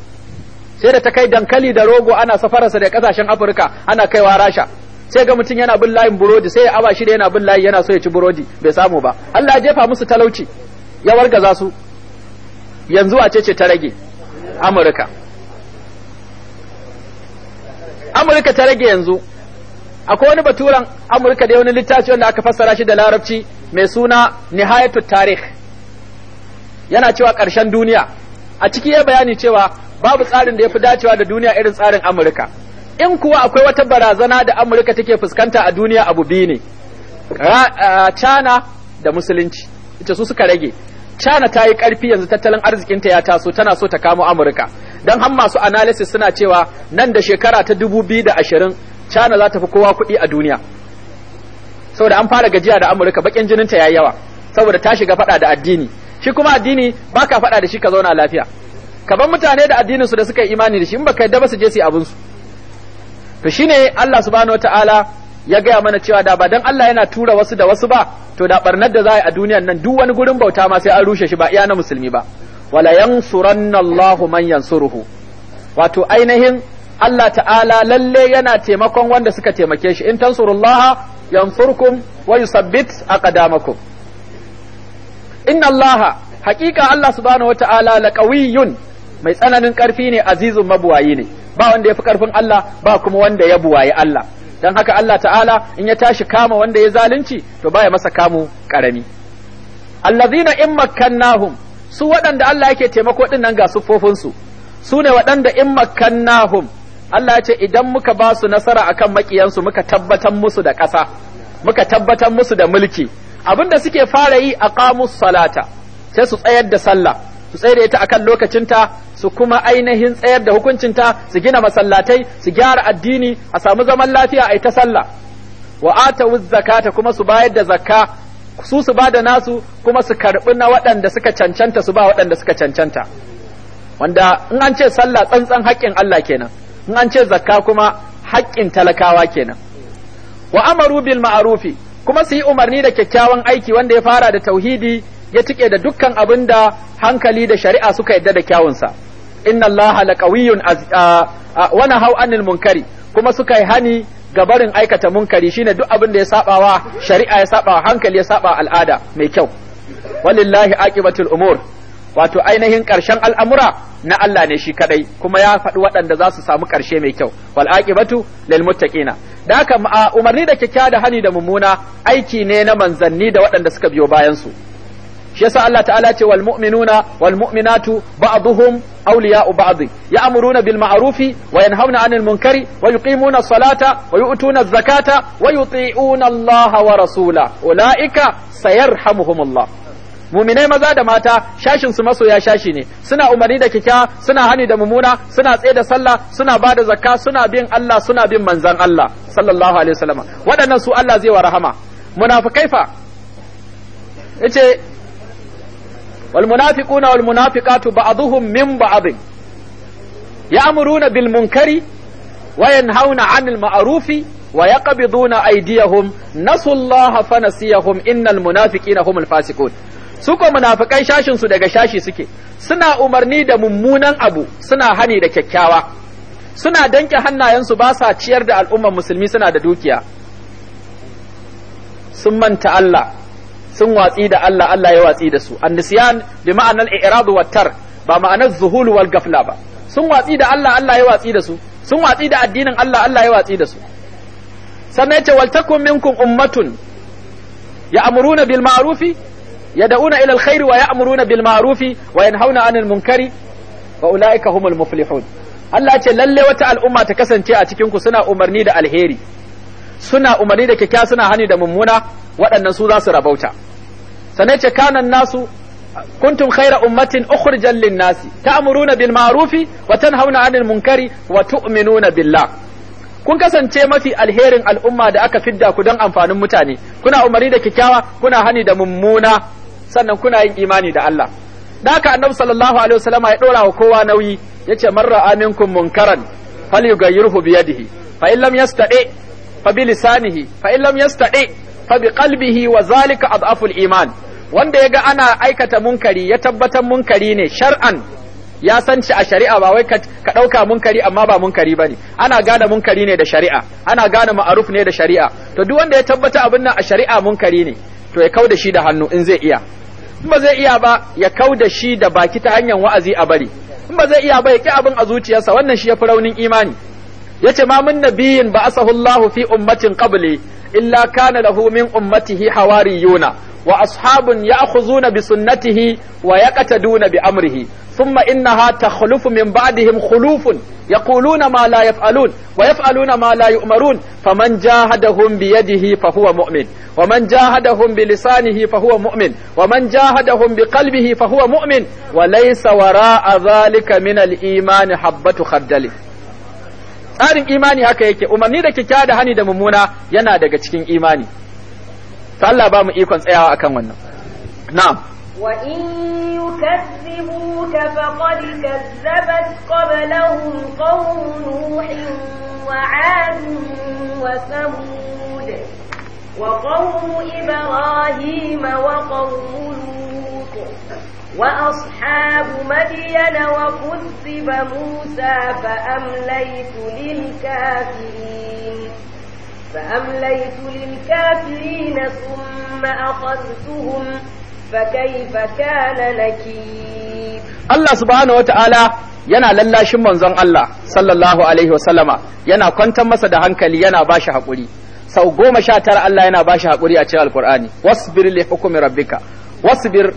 sai da ta kai dankali da rogo ana safararsa da ƙasashen afirka ana kaiwa rasha sai ga mutum yana bin layin burodi sai ya aba shi da yana bin layi yana so ya ci burodi bai samu ba Allah ya jefa musu talauci ya wargaza su yanzu a ce ce ta rage amurka amurka ta rage yanzu akwai wani baturan amurka da wani littafi wanda aka fassara shi da larabci mai suna nihayatut tarikh yana cewa ƙarshen duniya a ciki ya bayani cewa babu tsarin da ya fi dacewa da duniya irin tsarin amurka in kuwa akwai wata barazana da amurka take fuskanta a duniya abu biyu ne eh, cana da musulunci ita su suka rage China ta yi ƙarfi yanzu tattalin arzikinta ya taso tana so ta kamo Amurka. Don har masu analysis suna cewa nan da shekara ta dubu biyu da ashirin China za ta fi kowa kuɗi a duniya. Saboda an fara gajiya da Amurka baƙin jininta ya yi yawa. Saboda ta shiga faɗa da addini. Shi kuma addini ba ka faɗa da shi ka zauna lafiya. Ka bar mutane da addinin su da suka yi imani da shi in baka yadda ba su je su yi abin su. To ne Allah subhanahu ta'ala ya gaya mana cewa da ba dan Allah yana tura wasu da wasu ba to da barnar da za a yi a duniyan nan duk wani gurin bauta ma sai an rushe shi ba iya na musulmi ba wala yansuranna Allahu man yansuruhu wato ainihin Allah ta'ala lalle yana taimakon wanda suka taimake shi in tansurullaha yansurkum wa yusabbit aqdamakum inna Allaha haqiqa Allah subhanahu wa ta'ala laqawiyyun mai tsananin karfi ne azizun mabuwayi ne ba wanda ya fi karfin Allah ba kuma wanda ya buwayi Allah dan haka Allah ta'ala in ya tashi kama wanda ya zalunci to baya masa kamu karami allazina in makkannahum su waɗanda Allah yake taimako din nan ga sufofin su su ne waɗanda in makkannahum Allah ya ce idan muka ba su nasara akan makiyansu muka tabbatar musu da ƙasa muka tabbatar musu da mulki abinda suke fara yi aqamus salata sai su tsayar da sallah su tsaye da ita a kan lokacinta su kuma ainihin tsayar da hukuncinta su gina masallatai su gyara addini a samu zaman lafiya a ita sallah wa atawu zakata kuma su bayar da zakka su su ba da nasu kuma su karɓi na waɗanda suka cancanta su ba waɗanda suka cancanta wanda in an ce sallah tsantsan haƙƙin Allah kenan in an ce zakka kuma haƙƙin talakawa kenan wa amaru bil ma'arufi kuma su yi umarni da kyakkyawan aiki wanda ya fara da tauhidi ya cike da dukkan abin da hankali da shari'a suka yadda da kyawunsa inna allaha laqawiyyun wani hau anil munkari kuma suka yi hani ga barin aikata munkari shine duk abin da ya wa shari'a ya sabawa hankali ya saba al'ada mai kyau walillahi aqibatul umur wato ainihin ƙarshen al'amura na Allah ne shi kadai kuma ya faɗi waɗanda za su samu ƙarshe mai kyau wal aqibatu lil muttaqina da haka umarni da kyakkyawa da hani da mummuna aiki ne na manzanni da waɗanda suka biyo bayan su shi yasa Allah ta'ala ce wal mu'minuna wal mu'minatu ba'dhum awliya'u ba'd ya'muruna bil ma'rufi wa yanhauna 'anil munkari wa yuqimuna as-salata wa yu'tuna az-zakata wa yuti'una Allah wa rasula ulaika sayarhamuhumullah muminai maza da mata shashin su masoya shashi ne suna umarni da kika suna hani da mumuna suna tsaye da sallah suna ba da zakka suna bin Allah suna bin manzan Allah sallallahu alaihi wasallam waɗannan su Allah zai wa rahama munafikai fa yace wal munafiquna wal munafiqatu ba'dhuhum min ba'd ya'muruna bil munkari wa yanhauna 'anil ma'rufi wa yaqbiduna aydiyahum nasullaha fanasiyahum innal munafiqina humul fasiqun su ko munafikai shashin daga shashi suke suna umarni da mummunan abu suna hani da kyakkyawa suna danke hannayensu ba sa ciyar da al'ummar musulmi suna da dukiya sun manta Allah sun watsi da Allah Allah ya watsi da su annisiyan bi ma'anar i'rad wa ba ma'anar zuhul wal gafla ba sun watsi da Allah Allah ya watsi da su sun watsi da addinin Allah Allah ya watsi da su sannan yace wal takum minkum ummatun ya'muruna bil ma'rufi yad'una ila al khairi wa ya'muruna bil ma'rufi wa yanhauna 'anil munkari wa ulaika humul muflihun Allah ce lalle wata al'umma ta kasance a cikin ku suna umarni da alheri suna umarni da kyakkyawa suna hani da mummuna waɗannan su za su rabauta sanai ce kanan nasu kuntum khaira ummatin ukhrijal lin nasi ta'muruna bil ma'rufi wa tanhauna 'anil munkari wa tu'minuna billah kun kasance mafi alherin al'umma da aka fidda ku don amfanin mutane kuna umarni da kyakkyawa kuna hani da mummuna sannan kuna yin imani da Allah da haka annabi sallallahu alaihi wasallam ya dora wa kowa nauyi yace man ra'a minkum munkaran falyughayyirhu bi yadihi fa in lam fa bi lisanihi fa in lam fa bi qalbihi wa zalika adhaful iman wanda yaga ana aikata munkari ya tabbatar munkari ne shar'an ya san shi a shari'a ba wai ka ɗauka munkari amma ba munkari ba ne ana gane munkari ne da shari'a ana gane ma'aruf ne da shari'a to duk wanda ya tabbata abin nan a shari'a munkari ne to ya kau da shi da hannu in zai iya in ba zai iya ba ya kau da shi da baki ta hanyar wa'azi a bari in ba zai iya ba ya ki abin a zuciyarsa wannan shi ya fi raunin imani yace ma min nabiyin ba asahullahu fi ummatin qabli illa kana da min ummatihi riyuna wa ashabun ya'khuzuna bi sunnatihi wa yaqtaduna bi amrihi thumma innaha takhlufu min ba'dihim khulufun yaquluna ma la yaf'alun wa yaf'aluna ma la yu'marun faman jahadahum bi yadihi fa huwa mu'min wa man jahadahum bi lisanihi fa huwa wa man jahadahum bi qalbihi fa huwa mu'min wa laysa wara'a dhalika min al-iman habbatu khardali tsarin imani haka yake umarni da kyakkyawa da hani da mummuna yana daga cikin imani ta Allah ba mu ikon tsayawa akan wannan na'am wa in yukazzibuka faqad kazzabat qablahum qawmun nuhin wa wa samud wa qawmu ibrahim wa lut وأصحاب مدين وكذب موسى فأمليت للكافرين فأمليت للكافرين ثم أخذتهم فكيف كان نكير الله سبحانه وتعالى yana lallashin manzon Allah sallallahu alaihi wasallama yana kwantar masa da hankali yana bashi haƙuri sau goma sha tara Allah yana bashi hakuri a cikin alkur'ani wasbir li hukumi rabbika wasbir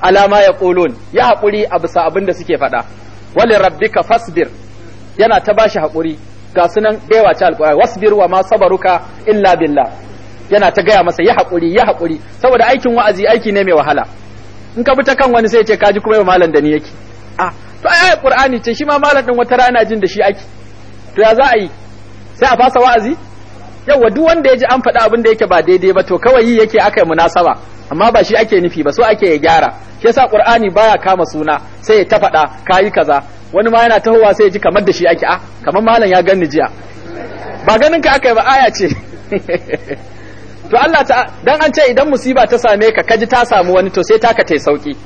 alama ya ƙulun ya haƙuri a bisa abin da suke faɗa wali rabbika fasbir yana ta bashi haƙuri ga sunan baiwa ta alƙur'ani wasbir wa ma sabaruka illa billah yana ta gaya masa ya haƙuri ya haƙuri saboda aikin wa'azi aiki ne mai wahala in ka bi ta kan wani sai ce kaji kuma malam da ni yake a ah, to ai qur'ani ce shi ma malam din wata rana jin da shi ake to ya za a yi sai a fasa wa'azi yawa duk wanda ya ji an faɗa abin da yake ba daidai ba to kawai yake aka yi munasaba amma ba shi ake nufi ba so ake ya gyara shi yasa qur'ani baya kama suna sai ya tafada ka kayi kaza wani ma yana tahowa sai ya ji kamar da shi ake a ah, kamar malam ya ganni jiya ba ganin ka aka yi ba aya ce to Allah ta dan an ce idan musiba ta same ka kaji ta samu wani to sai taka tai sauki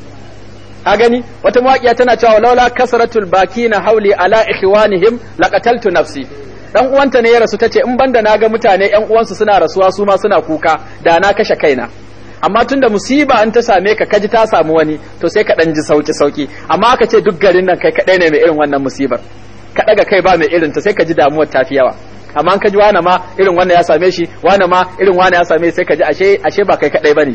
a gani wata mawaƙiya tana cewa laula kasratul bakina hauli ala ikhwanihim laqataltu nafsi dan uwanta ne ya rasu tace in banda naga mutane yan uwansu suna rasuwa su ma suna kuka da na kashe kaina amma da musiba an ta same ka kaji ta samu wani to sai ka dan ji sauki sauki amma aka ce duk garin nan kai kaɗai ne mai irin wannan musibar ka daga kai ba mai irin ta sai ka ji damuwar ta fi yawa amma an ka ji wani ma irin wannan ya same shi wani ma irin wani ya same sai ka ji ashe ashe ba kai kadai bane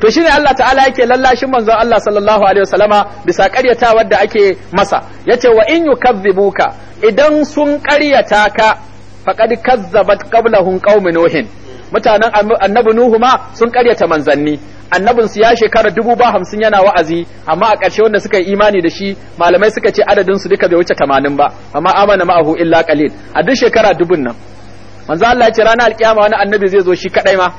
to shine Allah ta'ala yake lallashin manzon Allah sallallahu alaihi wasallama bisa ƙaryata da ake masa yace wa in yukazzibuka idan sun ƙaryata ka faqad kazzabat qablahum qaum nuhin mutanen annabi nuhu ma sun karyata manzanni annabin su ya shekara dubu ba hamsin yana wa'azi amma a ƙarshe wanda suka yi imani da shi malamai suka ce adadin su duka bai wuce tamanin ba amma amana ma'ahu illa qalil a duk shekara dubun nan manzo Allah ya ce ranar alkiyama wani annabi zai zo shi kadai ma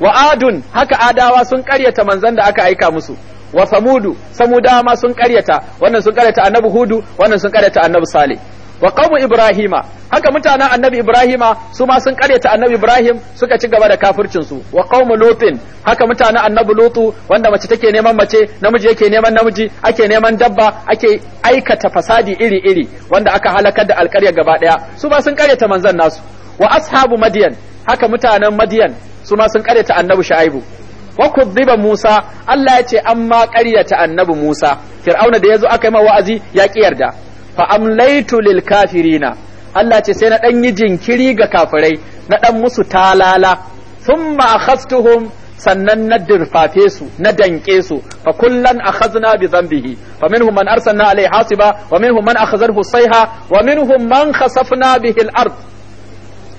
wa adun haka adawa sun karyata manzan da aka aika musu wa samudu samudawa ma sun karyata wannan sun karyata annabi hudu wannan sun karyata annabi salih wa qawmu ibrahima haka mutanen annabi ibrahima su ma sun karyata annabi ibrahim suka ci gaba da kafircin su wa qawmu lutin haka mutanen annabi lutu wanda mace take neman mace namiji yake neman namiji ake neman dabba ake aikata fasadi iri iri wanda aka halakar da alƙarya gaba daya su ma sun karyata manzon nasu wa ashabu madiyan haka mutanen madiyan su ma sun karyata annabi shaibu wa kudiba Musa Allah ya ce an ma ƙaryata annabi Musa Fir'auna da yazo aka yi ma wa'azi ya ƙi yarda fa amlaitu kafirina Allah ce sai na ɗan yi jinkiri ga kafirai na ɗan musu talala thumma akhastuhum sannan na dirfafe su na danke su fa kullan akhazna bi dhanbihi fa minhum man arsalna alayhi hasiba wa minhum man akhazathu sayha wa minhum man khasafna bihi al-ard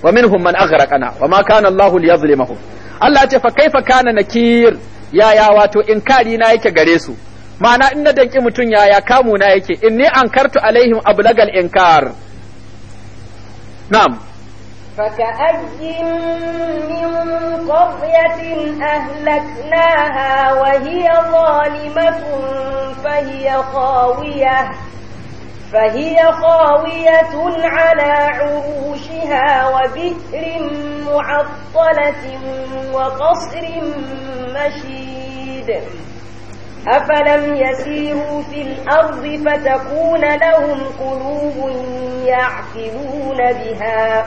wa minhum man aghraqana wa ma kana Allah liyazlimahum Allah ce fa kaifa kana nakir yaya wato kari na yake gare su ma'ana in na danki mutum yaya kamu na yake inni ankartu alaihim ablagal inkar na'am فكأي من قرية أهلكناها وهي ظالمة فهي خاوية فهي خاوية على عروشها وبئر معطلة وقصر مشيد أفلم يسيروا في الأرض فتكون لهم قلوب يعقلون بها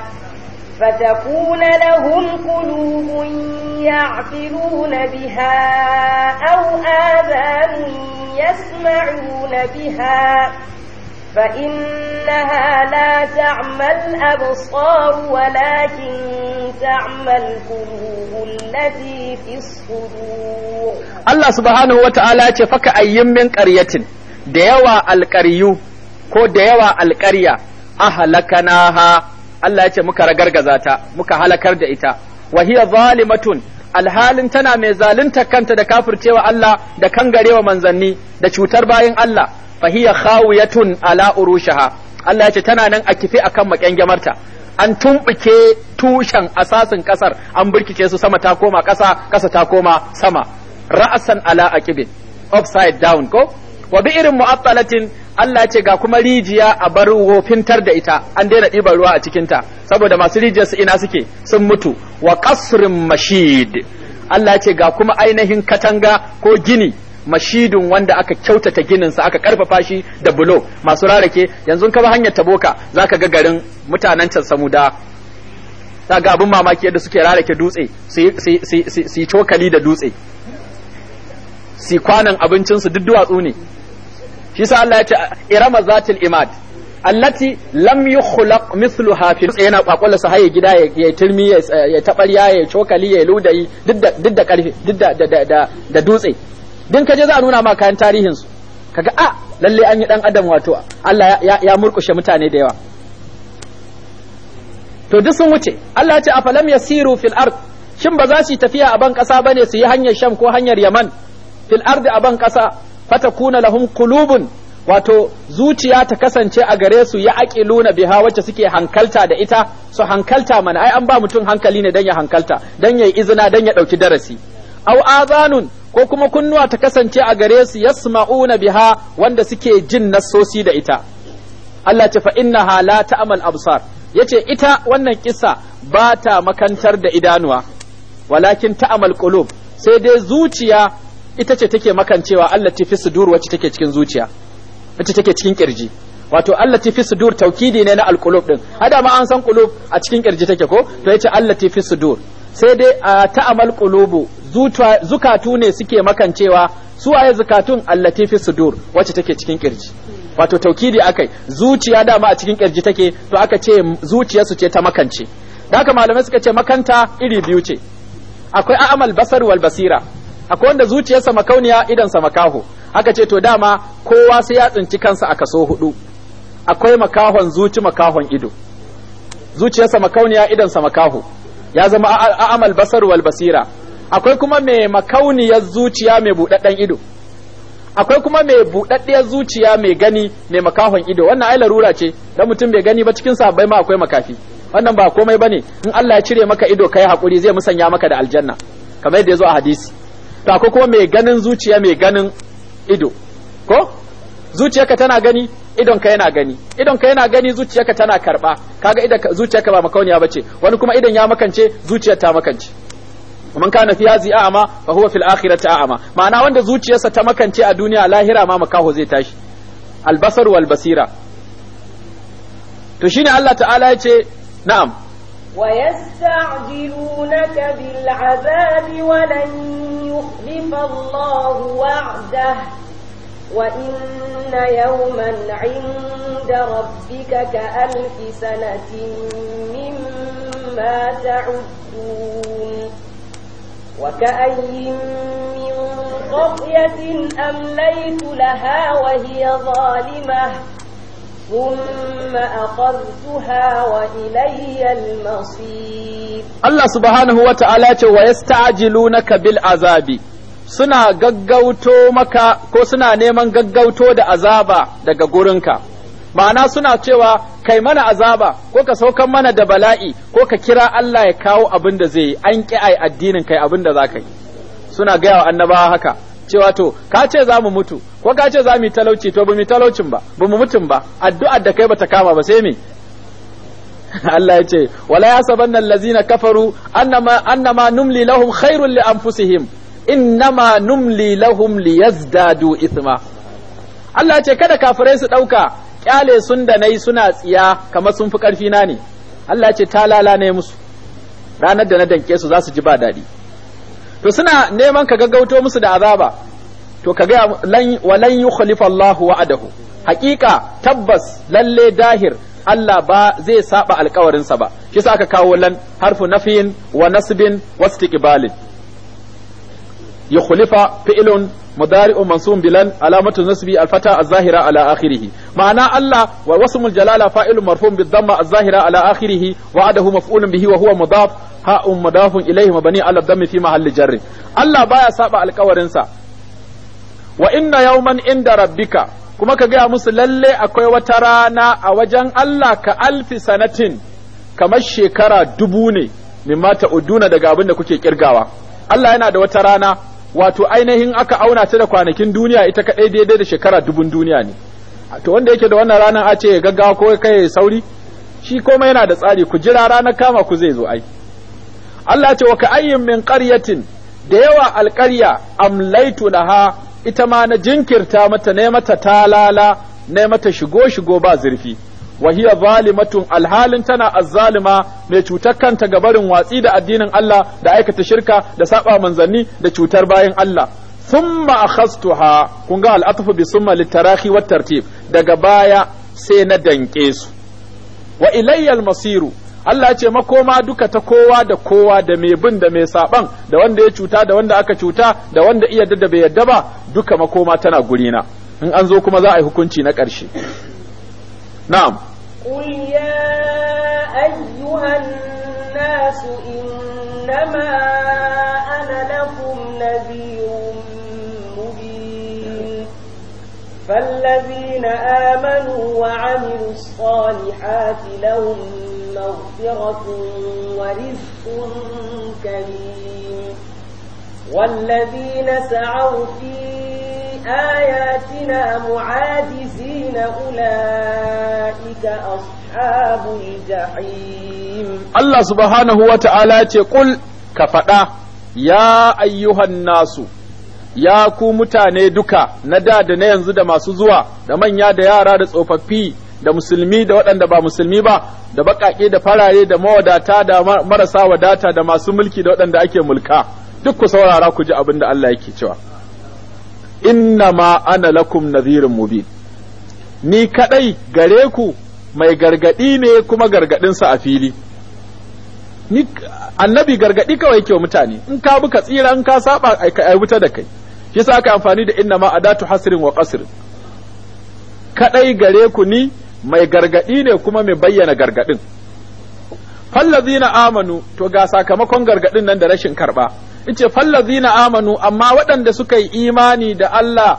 فتكون لهم قلوب يعقلون بها أو آذان يسمعون بها فإنها لا تعمى الأبصار ولكن تعمى القلوب التي في الصدور الله سبحانه وتعالى فكأي من قرية da yawa ko da yawa alƙarya a halakanaha Allah ya ce muka ragargaza ta muka halakar da ita wa hiya zalimatun alhalin tana mai zalunta kanta da kafircewa Allah da kangarewa manzanni da cutar bayin Allah fahiya khawiyatun ala urushaha Allah ya ce tana nan a kife akan makyangamarta an tumbuke tushen asasin kasar an burkice su sama ta koma kasa kasa ta koma sama ra'asan ala aqibin upside down ko wa bi irin mu'attalatin Allah ce ga kuma rijiya a bar wofintar da ita an daina ɗiban ruwa a cikin ta saboda masu rijiyar su ina suke sun mutu wa kasrin mashid Allah ce ga kuma ainihin katanga ko gini mashidun wanda aka kyautata ginin sa aka karfafa shi da bulo masu rarake yanzu ka ba hanyar taboka zaka ga garin mutanen can samuda za ga abin mamaki yadda suke rarake dutse su yi cokali da dutse su kwanan su duk duwatsu ne shi sa Allah ya ce irama zatil imad allati lam yukhlaq mithluha fi yana kwakwala su haye gida ya turmi ya tabarya ya cokali ya ludayi duk da karfe duk da dutse din je za a nuna ma kayan tarihin su kaga a ah, lalle an yi dan adam wato Allah ya murkushe mutane da yawa to duk sun wuce Allah ya ce afalam yasiru fil ard shin ba za su tafiya a ban kasa bane su yi hanyar sham ko hanyar yaman fil ard a ban kasa fatakuna lahum qulubun wato zuciya ta kasance a gare su ya luna biha wacce suke hankalta da ita su hankalta mana ai an ba mutum hankali ne dan ya hankalta dan ya yi izina dan ya ɗauki darasi aw azanun ko kuma kunnuwa ta kasance a gare su yasma'una biha wanda suke jin nassosi da ita Allah ce fa innaha la ta'mal absar yace ita wannan kissa ba ta makantar da idanuwa walakin ta'mal qulub sai dai zuciya ita ce take makancewa Allah ta fi sudur wacce take cikin zuciya wacce take cikin kirji wato Allah ta fi sudur taukidi ne na alqulub din hada ma an san qulub a cikin kirji take ko to yace Allah ta fi sudur sai dai a ta'amal qulubu zukatu ne suke makancewa suwaye waye zukatun allati fi sudur wacce take cikin kirji wato taukidi akai zuciya dama a cikin kirji take to aka ce zuciyarsu ce ta makance da haka malamai suka ce makanta iri biyu ce akwai a'amal basar wal basira akwai wanda zuciyarsa makauniya idan sa makaho aka ce to dama kowa sai ya tsinci kansa a kaso hudu akwai makahon zuci makahon ido zuciyarsa makauniya idan sa makaho ya zama a'amal basar wal basira akwai kuma mai makauniyar zuciya mai buɗaɗɗen ido akwai kuma mai buɗaɗɗiyar zuciya mai gani mai makahon ido wannan ai larura ce dan mutum bai gani ba cikin bai ma akwai makafi wannan ba komai bane in Allah ya cire maka ido kai hakuri zai musanya maka da aljanna kamar yadda yazo a hadisi to akwai kuma mai ganin zuciya mai ganin ido ko zuciyarka tana gani idon ka yana gani ka yana gani zuciyarka tana karba kaga idan zuciyarka ba makauniya bace wani kuma idan ya makance zuciyar ta makance man kana fi hazi a'ama fa huwa fil akhirati a'ama ma'ana wanda zuciyarsa ta makance a duniya a lahira ma makaho zai tashi albasar wal basira to shine Allah ta'ala ya ce na'am wa yasta'jilunaka bil azabi wa lan yukhlifa Allahu wa'dahu وإن يوما عند ربك كألف سنة مما تعدون وكأي من قرية أمليت لها وهي ظالمة ثم أخذتها وإلي المصير الله سبحانه وتعالى ويستعجلونك بالعذاب suna gaggauto maka ko suna neman gaggauto da azaba daga gurinka ma'ana suna cewa kai mana azaba ko ka saukan mana da bala'i ko ka kira Allah ya kawo abin da zai yi an ki ai addinin kai abin da za ka yi suna gaya wa annabawa haka cewa to ka ce za mu mutu ko ka ce za mu yi talauci to ba mu yi talaucin ba ba mu mutun ba addu'ar da kai bata kama ba sai me Allah ya ce wala yasabanna allazina kafaru annama annama numli lahum khairul li anfusihim innama numli lahum liyazdadu ithma Allah ya ce kada kafirai su dauka kyale sun da nayi suna tsiya kamar sun fi karfi na ne Allah ce ta lala musu ranar da na danke su za su ji ba daɗi to suna neman ka gaggauto musu da azaba to ka ga walan yukhlifa Allah wa'adahu haƙiƙa tabbas lalle dahir Allah ba zai saba sa ba shi sa aka kawo lan harfu nafiyin wa nasbin wa istiqbalin يخلف فعل مضارع منصوب بلن علامة النصب الفتى الظاهرة على آخره معنى الله ووسم الجلالة فاعل مرفوع بالضمة الظاهرة على آخره وعده مفعول به وهو مضاف هاء مضاف إليه مبني على الضم في محل جر الله بايا سابع الكورنسا وإن يوما عند ربك kuma ka gaya musu lalle akwai wata rana a wajen Allah ka alfi sanatin kamar shekara dubu ne mimma ta'uduna daga abin da kuke kirgawa Allah yana da wata rana wato ainihin aka auna ta da kwanakin duniya ita kaɗai daidai da shekara dubun duniya ne to wanda yake da wannan ranar a ce ya gaggawa ko kai sauri shi komai yana da tsari ku jira ranar kama ku zai zo ai Allah ce wa ka'ayyin min qaryatin da yawa alqarya amlaitu laha ita ma na jinkirta mata ne mata talala ne mata shigo shigo ba zurfi wa hiya zalimatun alhalin tana azzalima mai cutar kanta ga barin watsi da addinin Allah da aikata shirka da saba manzanni da cutar bayan Allah thumma akhastuha kun ga al'atfu bi summa litarahi wat tartib daga baya sai na danke su wa ilayya masiru Allah ya ce makoma duka ta kowa da kowa da mai bin da mai saban da wanda ya cuta da wanda aka cuta da wanda iya da bai yadda ba duka makoma tana guri na. in an zo kuma za a yi hukunci na ƙarshe نعم قل يا أيها الناس إنما أنا لكم نذير مبين فالذين آمنوا وعملوا الصالحات لهم مغفرة ورزق كريم والذين سعوا فيه آياتنا معاجزين أولئك أصحاب الجحيم الله سبحانه وتعالى قل كفتا يا أيها الناس ya ku mutane duka na da da na yanzu da masu zuwa da manya da yara da tsofaffi da musulmi da waɗanda ba musulmi ba da baƙaƙe da farare da mawadata da marasa wadata da masu mulki da waɗanda ake mulka duk ku saurara ku ji abin da Allah yake cewa inna ma ana lakum nazirin mubin ni kadai gare ku mai gargadi ne kuma gargaɗinsa a fili ni annabi gargaɗi kawai ke mutane in ka bi ka tsira in ka saba ai wuta da kai shi yasa aka amfani da inna ma adatu hasrin wa qasr kadai gare ku ni mai gargaɗi ne kuma mai bayyana gargadin fallazina amanu to ga sakamakon gargadin nan da rashin karɓa. yace zina amanu amma waɗanda suka yi imani da Allah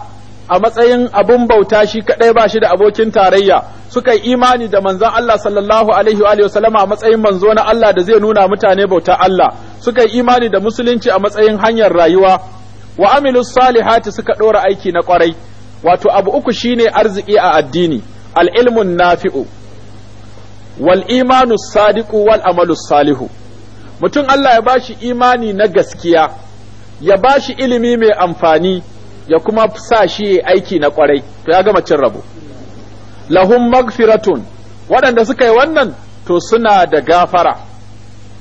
a matsayin abun bauta shi kaɗai ba shi da abokin tarayya suka yi imani da manzon Allah sallallahu alaihi wa alihi a matsayin manzo na Allah da zai nuna mutane bauta Allah suka yi imani da musulunci a matsayin hanyar rayuwa wa amilus salihati suka ɗora aiki na kwarai wato abu uku shine arziki a addini al ilmun nafi'u wal imanu sadiqu wal amalu salihu mutum Allah ya bashi imani na gaskiya ya bashi ilimi mai amfani ya kuma sa shi aiki na kwarai to ya gama cin rabo lahum magfiratun waɗanda suka yi wannan to suna da gafara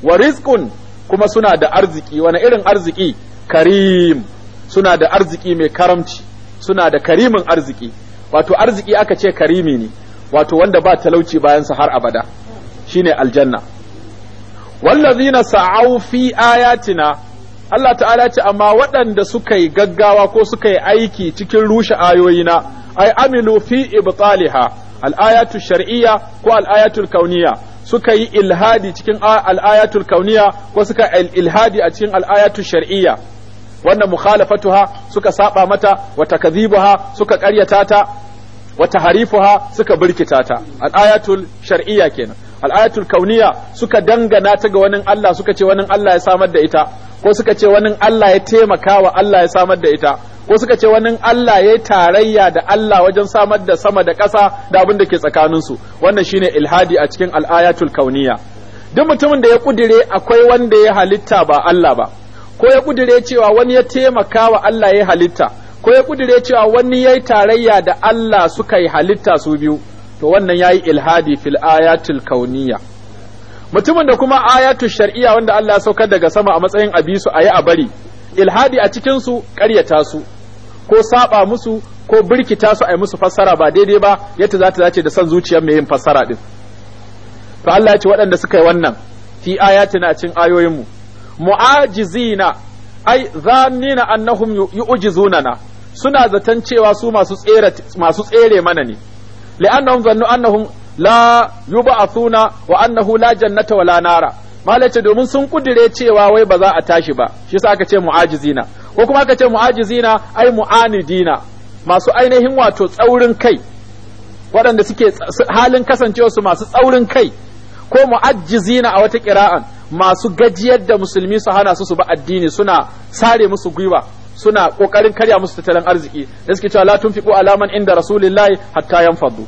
wa rizqun kuma suna da arziki wani irin arziki karim suna da arziki mai karamci suna da karimin arziki wato arziki aka ce karimi ne wato wanda ba talauci bayansa har abada shine aljanna wallazina sa'au fi ayatina Allah ta'ala ce amma waɗanda suka yi gaggawa ko suka yi aiki cikin rushe ayoyina ai amilu fi ibtaliha al shar'iyya ko al kauniya. suka yi ilhadi cikin al kauniya kauniyya ko suka ilhadi a cikin al-ayatu shar'iyya wannan mukhalafatuha suka saba mata wa takdhibuha suka karyata ta wa taharifuha suka birkita ta al shar'iyya kenan al'ayatul kauniya suka dangana ta ga wani Allah suka ce wani Allah ya samar da ita ko suka ce wani Allah ya taimaka wa Allah ya samar da ita ko suka ce wani Allah ya tarayya da Allah wajen samar da sama da ƙasa da abin da ke tsakaninsu wannan shine ilhadi a cikin al'ayatul kauniya duk mutumin da ya kudire akwai wanda ya halitta ba Allah ba ko ya kudire cewa wani ya taimaka wa Allah ya halitta ko ya kudire cewa wani ya tarayya da Allah suka yi halitta su biyu to wannan yayi ilhadi fil ayatul kauniyya mutumin da kuma ayatul shar'iyya wanda Allah ya saukar daga sama a matsayin abisu ayi a bari ilhadi a cikin su ƙaryata su ko saba musu ko birkita su ayi musu fassara ba daidai ba yadda za ta dace da son zuciyar mai yin fassara din to Allah ya ce waɗanda suka yi wannan fi ayatina cin ayoyinmu mu'ajizina ai zannina annahum yu'jizunana suna zaton cewa su masu tsere masu tsere mana ne li'annahum zannu annahum la yub'athuna wa annahu la jannata wala nara malace domin sun ƙudire cewa wai ba za a tashi ba shi yasa aka ce mu'ajizina ko kuma aka ce mu'ajizina ai mu'anidina masu ainihin wato tsaurin kai waɗanda suke halin kasancewa su masu tsaurin kai ko mu'ajjizina a wata ƙira'an masu gajiyar da musulmi su hana su su ba addini suna sare musu gwiwa suna kokarin karya musu tattalin arziki da suke cewa la tunfiqu alaman inda rasulillahi hatta yanfadu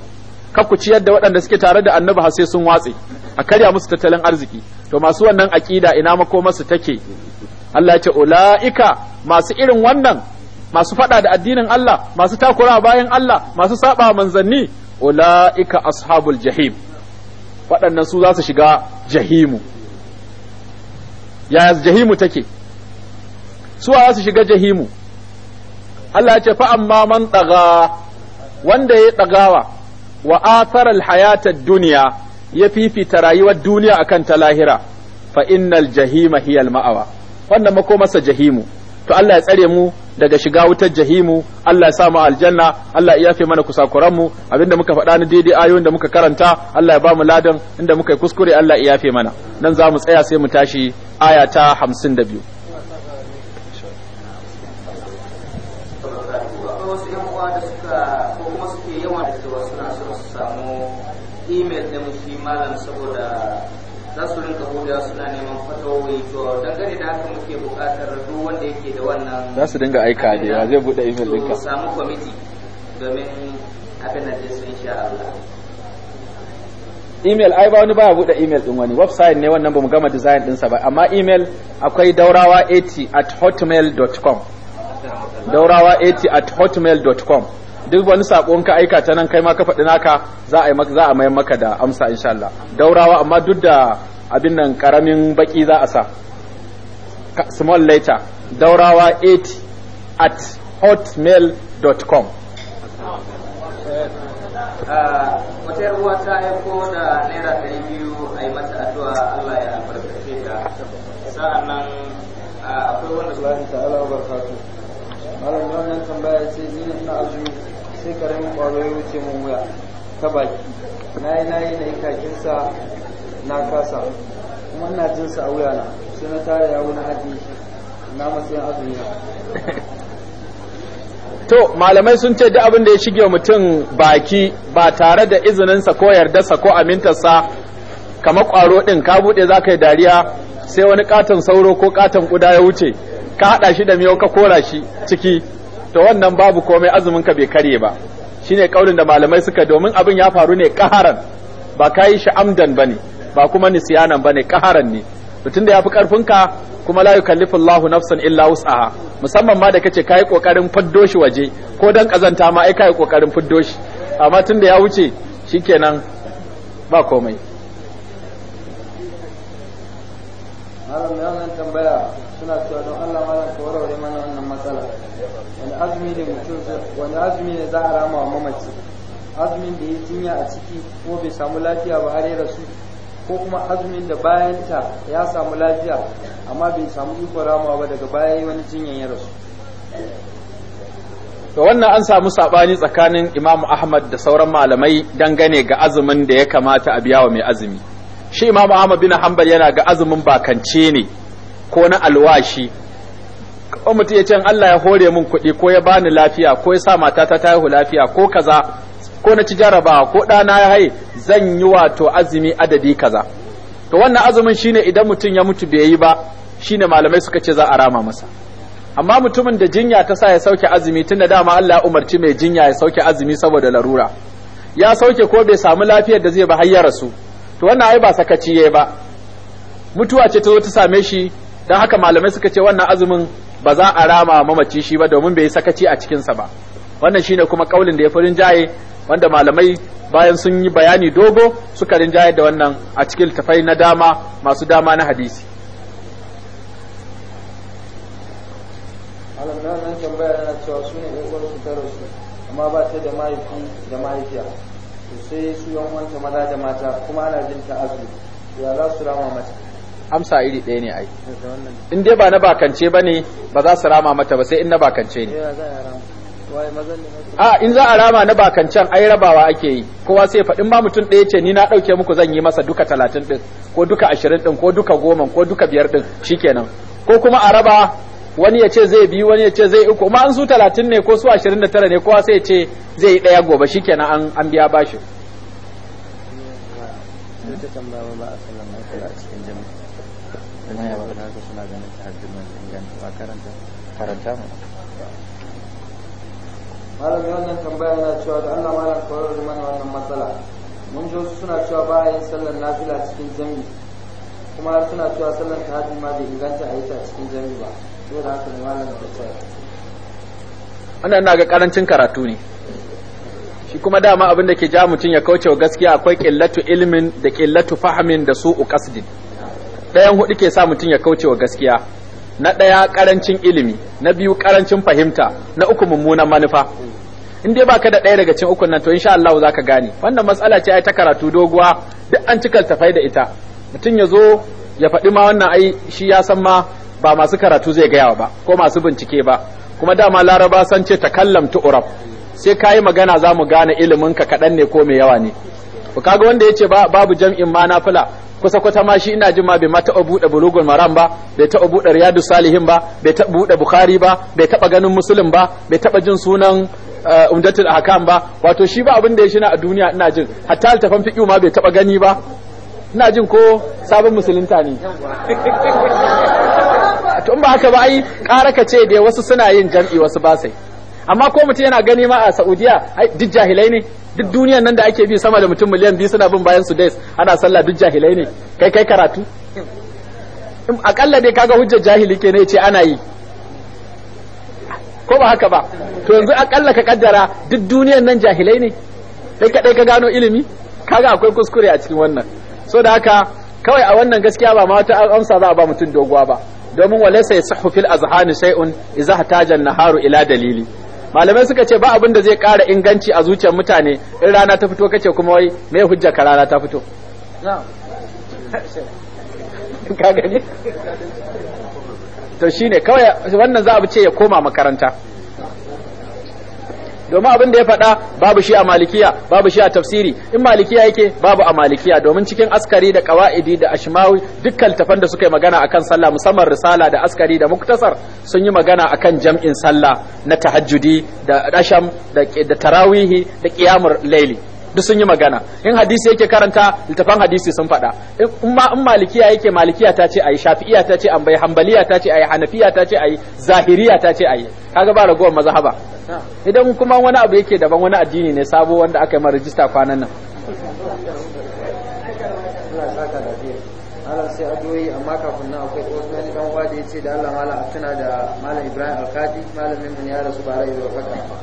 ku ciyar da waɗanda suke tare da annabi har sai sun watse a karya musu tattalin arziki to masu wannan aqida ina makomarsu take Allah ya ce ulaika masu irin wannan masu fada da addinin Allah masu takura bayan Allah masu saba manzanni ulaika ashabul jahim waɗannan su za su shiga jahimu Yaya jahimu take su za su shiga jahimu Allah ya ce fa amma man ɗaga wanda ya dagawa wa athara alhayata duniya ya fifita rayuwar duniya akan ta lahira fa innal jahima hiya ma'awa. wannan makomarsa jahimu to Allah ya tsare mu daga shiga wutar jahimu Allah ya sa mu aljanna Allah ya yafe mana kusakuran mu abinda muka faɗa na daidai ayoyin da muka karanta Allah ya ba mu ladan inda muka yi kuskure Allah ya yafe mana nan za mu tsaya sai mu tashi aya ta 52 email da shi malam saboda za su rinka hudewa suna neman fatawoyi to dangane da haka muke bukatar duk wanda yake da wannan za su dinga aika da ya zai bude email ɗinka su samu kwamiti domin abin da su insha Allah email ai ba wani baya bude email din wani website ne wannan bamu gama design din sa ba amma email akwai daurawa80 at hotmail.com daurawa80 at hotmail.com duk wani sakon ka aika ta nan kai ma ka faɗi naka za a yi maka za a mayar maka da amsa insha Allah daurawa amma duk da abin nan karamin baki za a sa small letter daurawa 8 at hotmail.com wata yar uwa ta aiko da naira ɗari biyu a yi mata addu'a Allah ya albarkace ta sa'annan akwai wanda subhanahu wa ta'ala wa barakatuh malam mai wannan tambaya ya ce ni na azumi sai karamin ƙwaro wuce mun wuya ta baki na yi na yi na yi kakinsa na kasa kuma ina jin sa a wuyana sai na tare yawo na haji na matsayin azumi to malamai sun ce duk abin da ya shige mutum baki ba tare da izininsa ko yardarsa ko amintarsa kamar kwaro din ka bude za ka yi dariya sai wani katon sauro ko katon kuda ya wuce ka hada shi da miyau ka kora shi ciki to wannan babu komai azumin ka bai karye ba shine kaulin da malamai suka domin abin ya faru ne kaharan ba kai shi amdan bane ba kuma nisyanan bane kaharan ne mutum da ya fi ka kuma la yukallifu nafsan illa wus'aha musamman ma da kace kai kokarin fiddo shi waje ko dan kazanta ma ai kai kokarin fiddo shi amma tunda ya wuce shikenan ba komai malam wannan tambaya suna cewa don Allah malam ka warware mana wannan matsala wani azumi ne za a rama wa mamaci azumin da ya jinya a ciki ko bai samu lafiya ba har ya rasu ko kuma azumin da bayanta ya samu lafiya amma bai samu iko rama ba daga baya wani jinyan ya rasu to wannan an samu sabani tsakanin Imam Ahmad da sauran malamai dangane ga azumin da ya kamata a biya wa mai azumi shi imamu ahmad bin hanbal yana ga azumin bakance ne ko na alwashi ko mutum ya ce Allah ya hore min kuɗi ko ya bani lafiya ko ya sa matata ta haihu lafiya ko kaza ko na ci jarabawa ko ɗana ya haye zan yi wato azumi adadi kaza to wannan azumin shine idan mutum ya mutu bai yi ba shine malamai suka ce za a rama masa amma mutumin da jinya ta sa ya sauke azumi tun da dama Allah ya umarci mai jinya ya sauke azumi saboda larura ya sauke ko bai samu lafiyar da zai ba har ya rasu to wannan ai ba sakaci yayi ba mutuwa ce ta zo ta same shi don haka malamai suka ce wannan azumin ba za a rama mamaci shi ba domin bai yi sakaci a cikinsa ba wannan shine kuma kaulin da ya fi jaye wanda malamai bayan sun yi bayani dogo suka rinjaye da wannan a cikin tafai na dama masu dama na hadisi tambaya yana cewa su ne ɗan ta amma ba ta da mahaifi da mahaifiya to sai su yan wanta maza da mata kuma ana jin ta azu ya za su rama mata amsa iri ɗaya ne ai in dai ba na bakance ba ne ba za su rama mata ba sai in na bakance ne a in za a rama na bakancan ai rabawa ake yi kowa sai faɗin ma mutum ɗaya ce ni na ɗauke muku zan yi masa duka talatin ɗin ko duka ashirin ɗin ko duka goma ko duka biyar ɗin shikenan ko kuma a raba wani ya ce zai biyu wani ya ce zai uku amma an su talatin ne ko su ashirin da tara ne kowa sai ce zai yi ɗaya gobe shi kenan an an biya bashi malami wannan tambaya yana cewa da Allah malam kawar mana wannan matsala mun ji wasu suna cewa ba a yin sallar nafila cikin jam'i kuma suna cewa sallar tahajjud ma bai inganta a yi ta cikin jam'i ba wannan na ga karancin karatu ne shi kuma dama abin da ke ja mutum ya kauce wa gaskiya akwai ƙillatu ilimin da ƙillatu fahimin da su qasdin ɗayan hudu ke sa mutum ya kauce wa gaskiya na ɗaya ƙarancin ilimi na biyu karancin fahimta na uku mummunan manufa in dai baka da ɗaya daga cikin ukun nan to insha Allah zaka gane wannan matsala ce ai ta karatu doguwa duk an cika tafai da ita mutum ya zo ya faɗi ma wannan ai shi ya san ma ba masu karatu zai gaya ba ko masu bincike ba kuma dama laraba san ce ta kallamta urab sai kayi magana za mu gane ilimin ka kaɗan ne ko mai yawa ne ku kaga wanda yace ba babu jam'in ma fula kusa kwata ma shi ina jima bai ma taɓa buɗe bulugul maram ba bai taɓa buɗe riyadu salihin ba bai taɓa buɗe bukhari ba bai taɓa ganin Musulun ba bai taɓa jin sunan eh, umdatul ahkam ba wato shi ba abin da ya shina a duniya ina jin hatta altafan fiqh ma bai taɓa gani ba ina jin ko sabon musulunta ne to in ba haka ba ai ƙara ka ce da wasu suna yin jam'i wasu ba sai amma ko mutum yana gani ma a Saudiya ai duk jahilai ne duk duniyan nan da ake bi sama da mutum miliyan biyu suna bin bayan su dais ana sallah duk jahilai ne kai kai karatu akalla dai kaga hujjar jahili ke ne ce ana yi ko ba haka ba to yanzu akalla ka kaddara duk duniyan nan jahilai ne dai kaɗai ka gano ilimi kaga akwai kuskure a cikin wannan so da haka kawai a wannan gaskiya ba ma wata amsa za a ba mutum doguwa ba domin walaysa yasihhu fil azhani shay'un idza hataja naharu ila dalili malamai suka ce ba abin da zai kara inganci a zuciyar mutane in rana ta fito kace kuma wai me hujja ka rana ta fito ka to shine kawai wannan za a ce ya koma makaranta domin abin da ya faɗa babu shi a malikiya babu shi a tafsiri in malikiya yake babu a malikiya domin cikin askari da ƙawa'idi da ashmawi dukkan tafan da suka yi magana akan sallah musamman risala da askari da muktasar sun yi magana akan jam'in sallah na tahajjudi da asham da tarawihi da qiyamul Laili. duk sun yi magana in hadisi yake karanta littafan hadisi sun faɗa in ma in malikiya yake malikiya ta ce ayi shafi'iya ta ce ambai bai hanbaliya ta ce ayi hanafiya ta ce ayi zahiriya ta ce ayi kaga ba ragowar mazhaba idan kuma wani abu yake daban wani addini ne sabo wanda aka yi ma rajista kwanan nan Allah sai addu'o'i amma kafin nan akwai wani dan uwa da yace da Allah malam a tuna da malam Ibrahim Alkadi malamin mun ya rasu ba rai da wata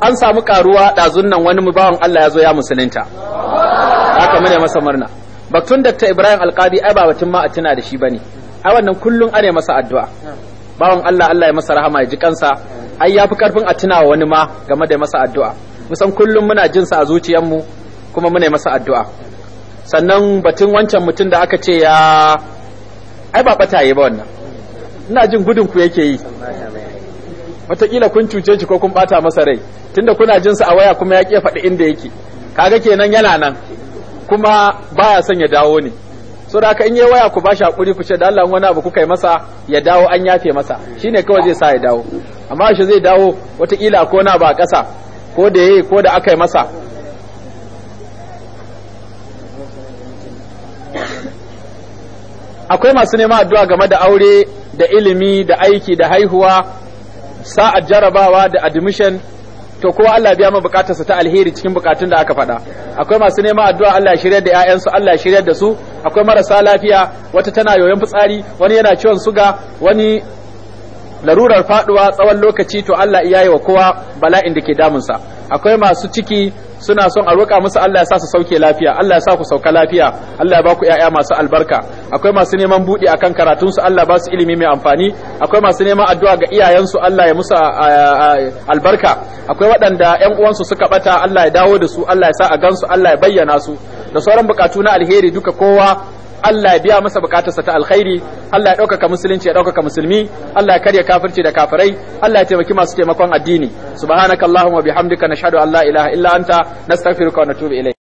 an samu karuwa ɗazun nan wani bawan Allah ya zo ya musulunta haka mune masa murna batun ta Ibrahim Alkadi ai ba batun ma a tuna da shi ne ai wannan kullun ana masa addu'a bawan Allah Allah ya masa rahama ya ji kansa ai ya fi karfin a tuna wa wani ma game da masa addu'a musan kullum muna jin sa a zuciyarmu kuma muna masa addu'a sannan batun wancan mutum da aka ce ya ai ba bataye ba wannan ina jin gudun ku yake yi wataƙila kun cuce shi ko kun bata masa rai tunda kuna jin sa a waya kuma ya ƙi faɗi inda yake kaga kenan yana nan kuma baya son ya dawo ne so da in yi waya ku shi hakuri ku ce da Allah wani abu kuka yi masa ya dawo an yafe masa shine kawai zai sa ya dawo amma shi zai dawo wataƙila ko na ba ƙasa ko da yayi ko da aka yi masa akwai masu neman addu'a game da aure da ilimi da aiki da haihuwa Sa'ad jarabawa da admission to kowa Allah biya mu bukatarsa ta alheri cikin bukatun da aka faɗa akwai masu neman addu'a Allah shirya da ƴaƴansu Allah shirya da su akwai marasa lafiya wata tana yoyon fitsari wani yana ciwon suga wani larurar faduwa tsawon lokaci to Allah iya wa kowa bala'in da ke damunsa akwai masu ciki suna son a roƙa musu Allah ya sa su sauke lafiya Allah ya sa ku sauka lafiya Allah ya ba ku ƴaƴa masu albarka akwai masu neman buɗe akan karatun su Allah ba su ilimi mai amfani akwai masu neman addu'a ga iyayensu Allah ya musu albarka akwai waɗanda ƴan uwansu suka bata Allah ya dawo da su Allah ya sa a gansu Allah ya bayyana su da sauran bukatu na alheri duka kowa Allah ya biya masa bukatarsa ta alkhairi Allah ya ɗaukaka musulunci ya ɗaukaka musulmi Allah ya karya kafirci da kafirai Allah ya taimaki masu taimakon addini subhanakallahumma bihamdika nashhadu an la ilaha illa anta nastaghfiruka wa natubu ilayk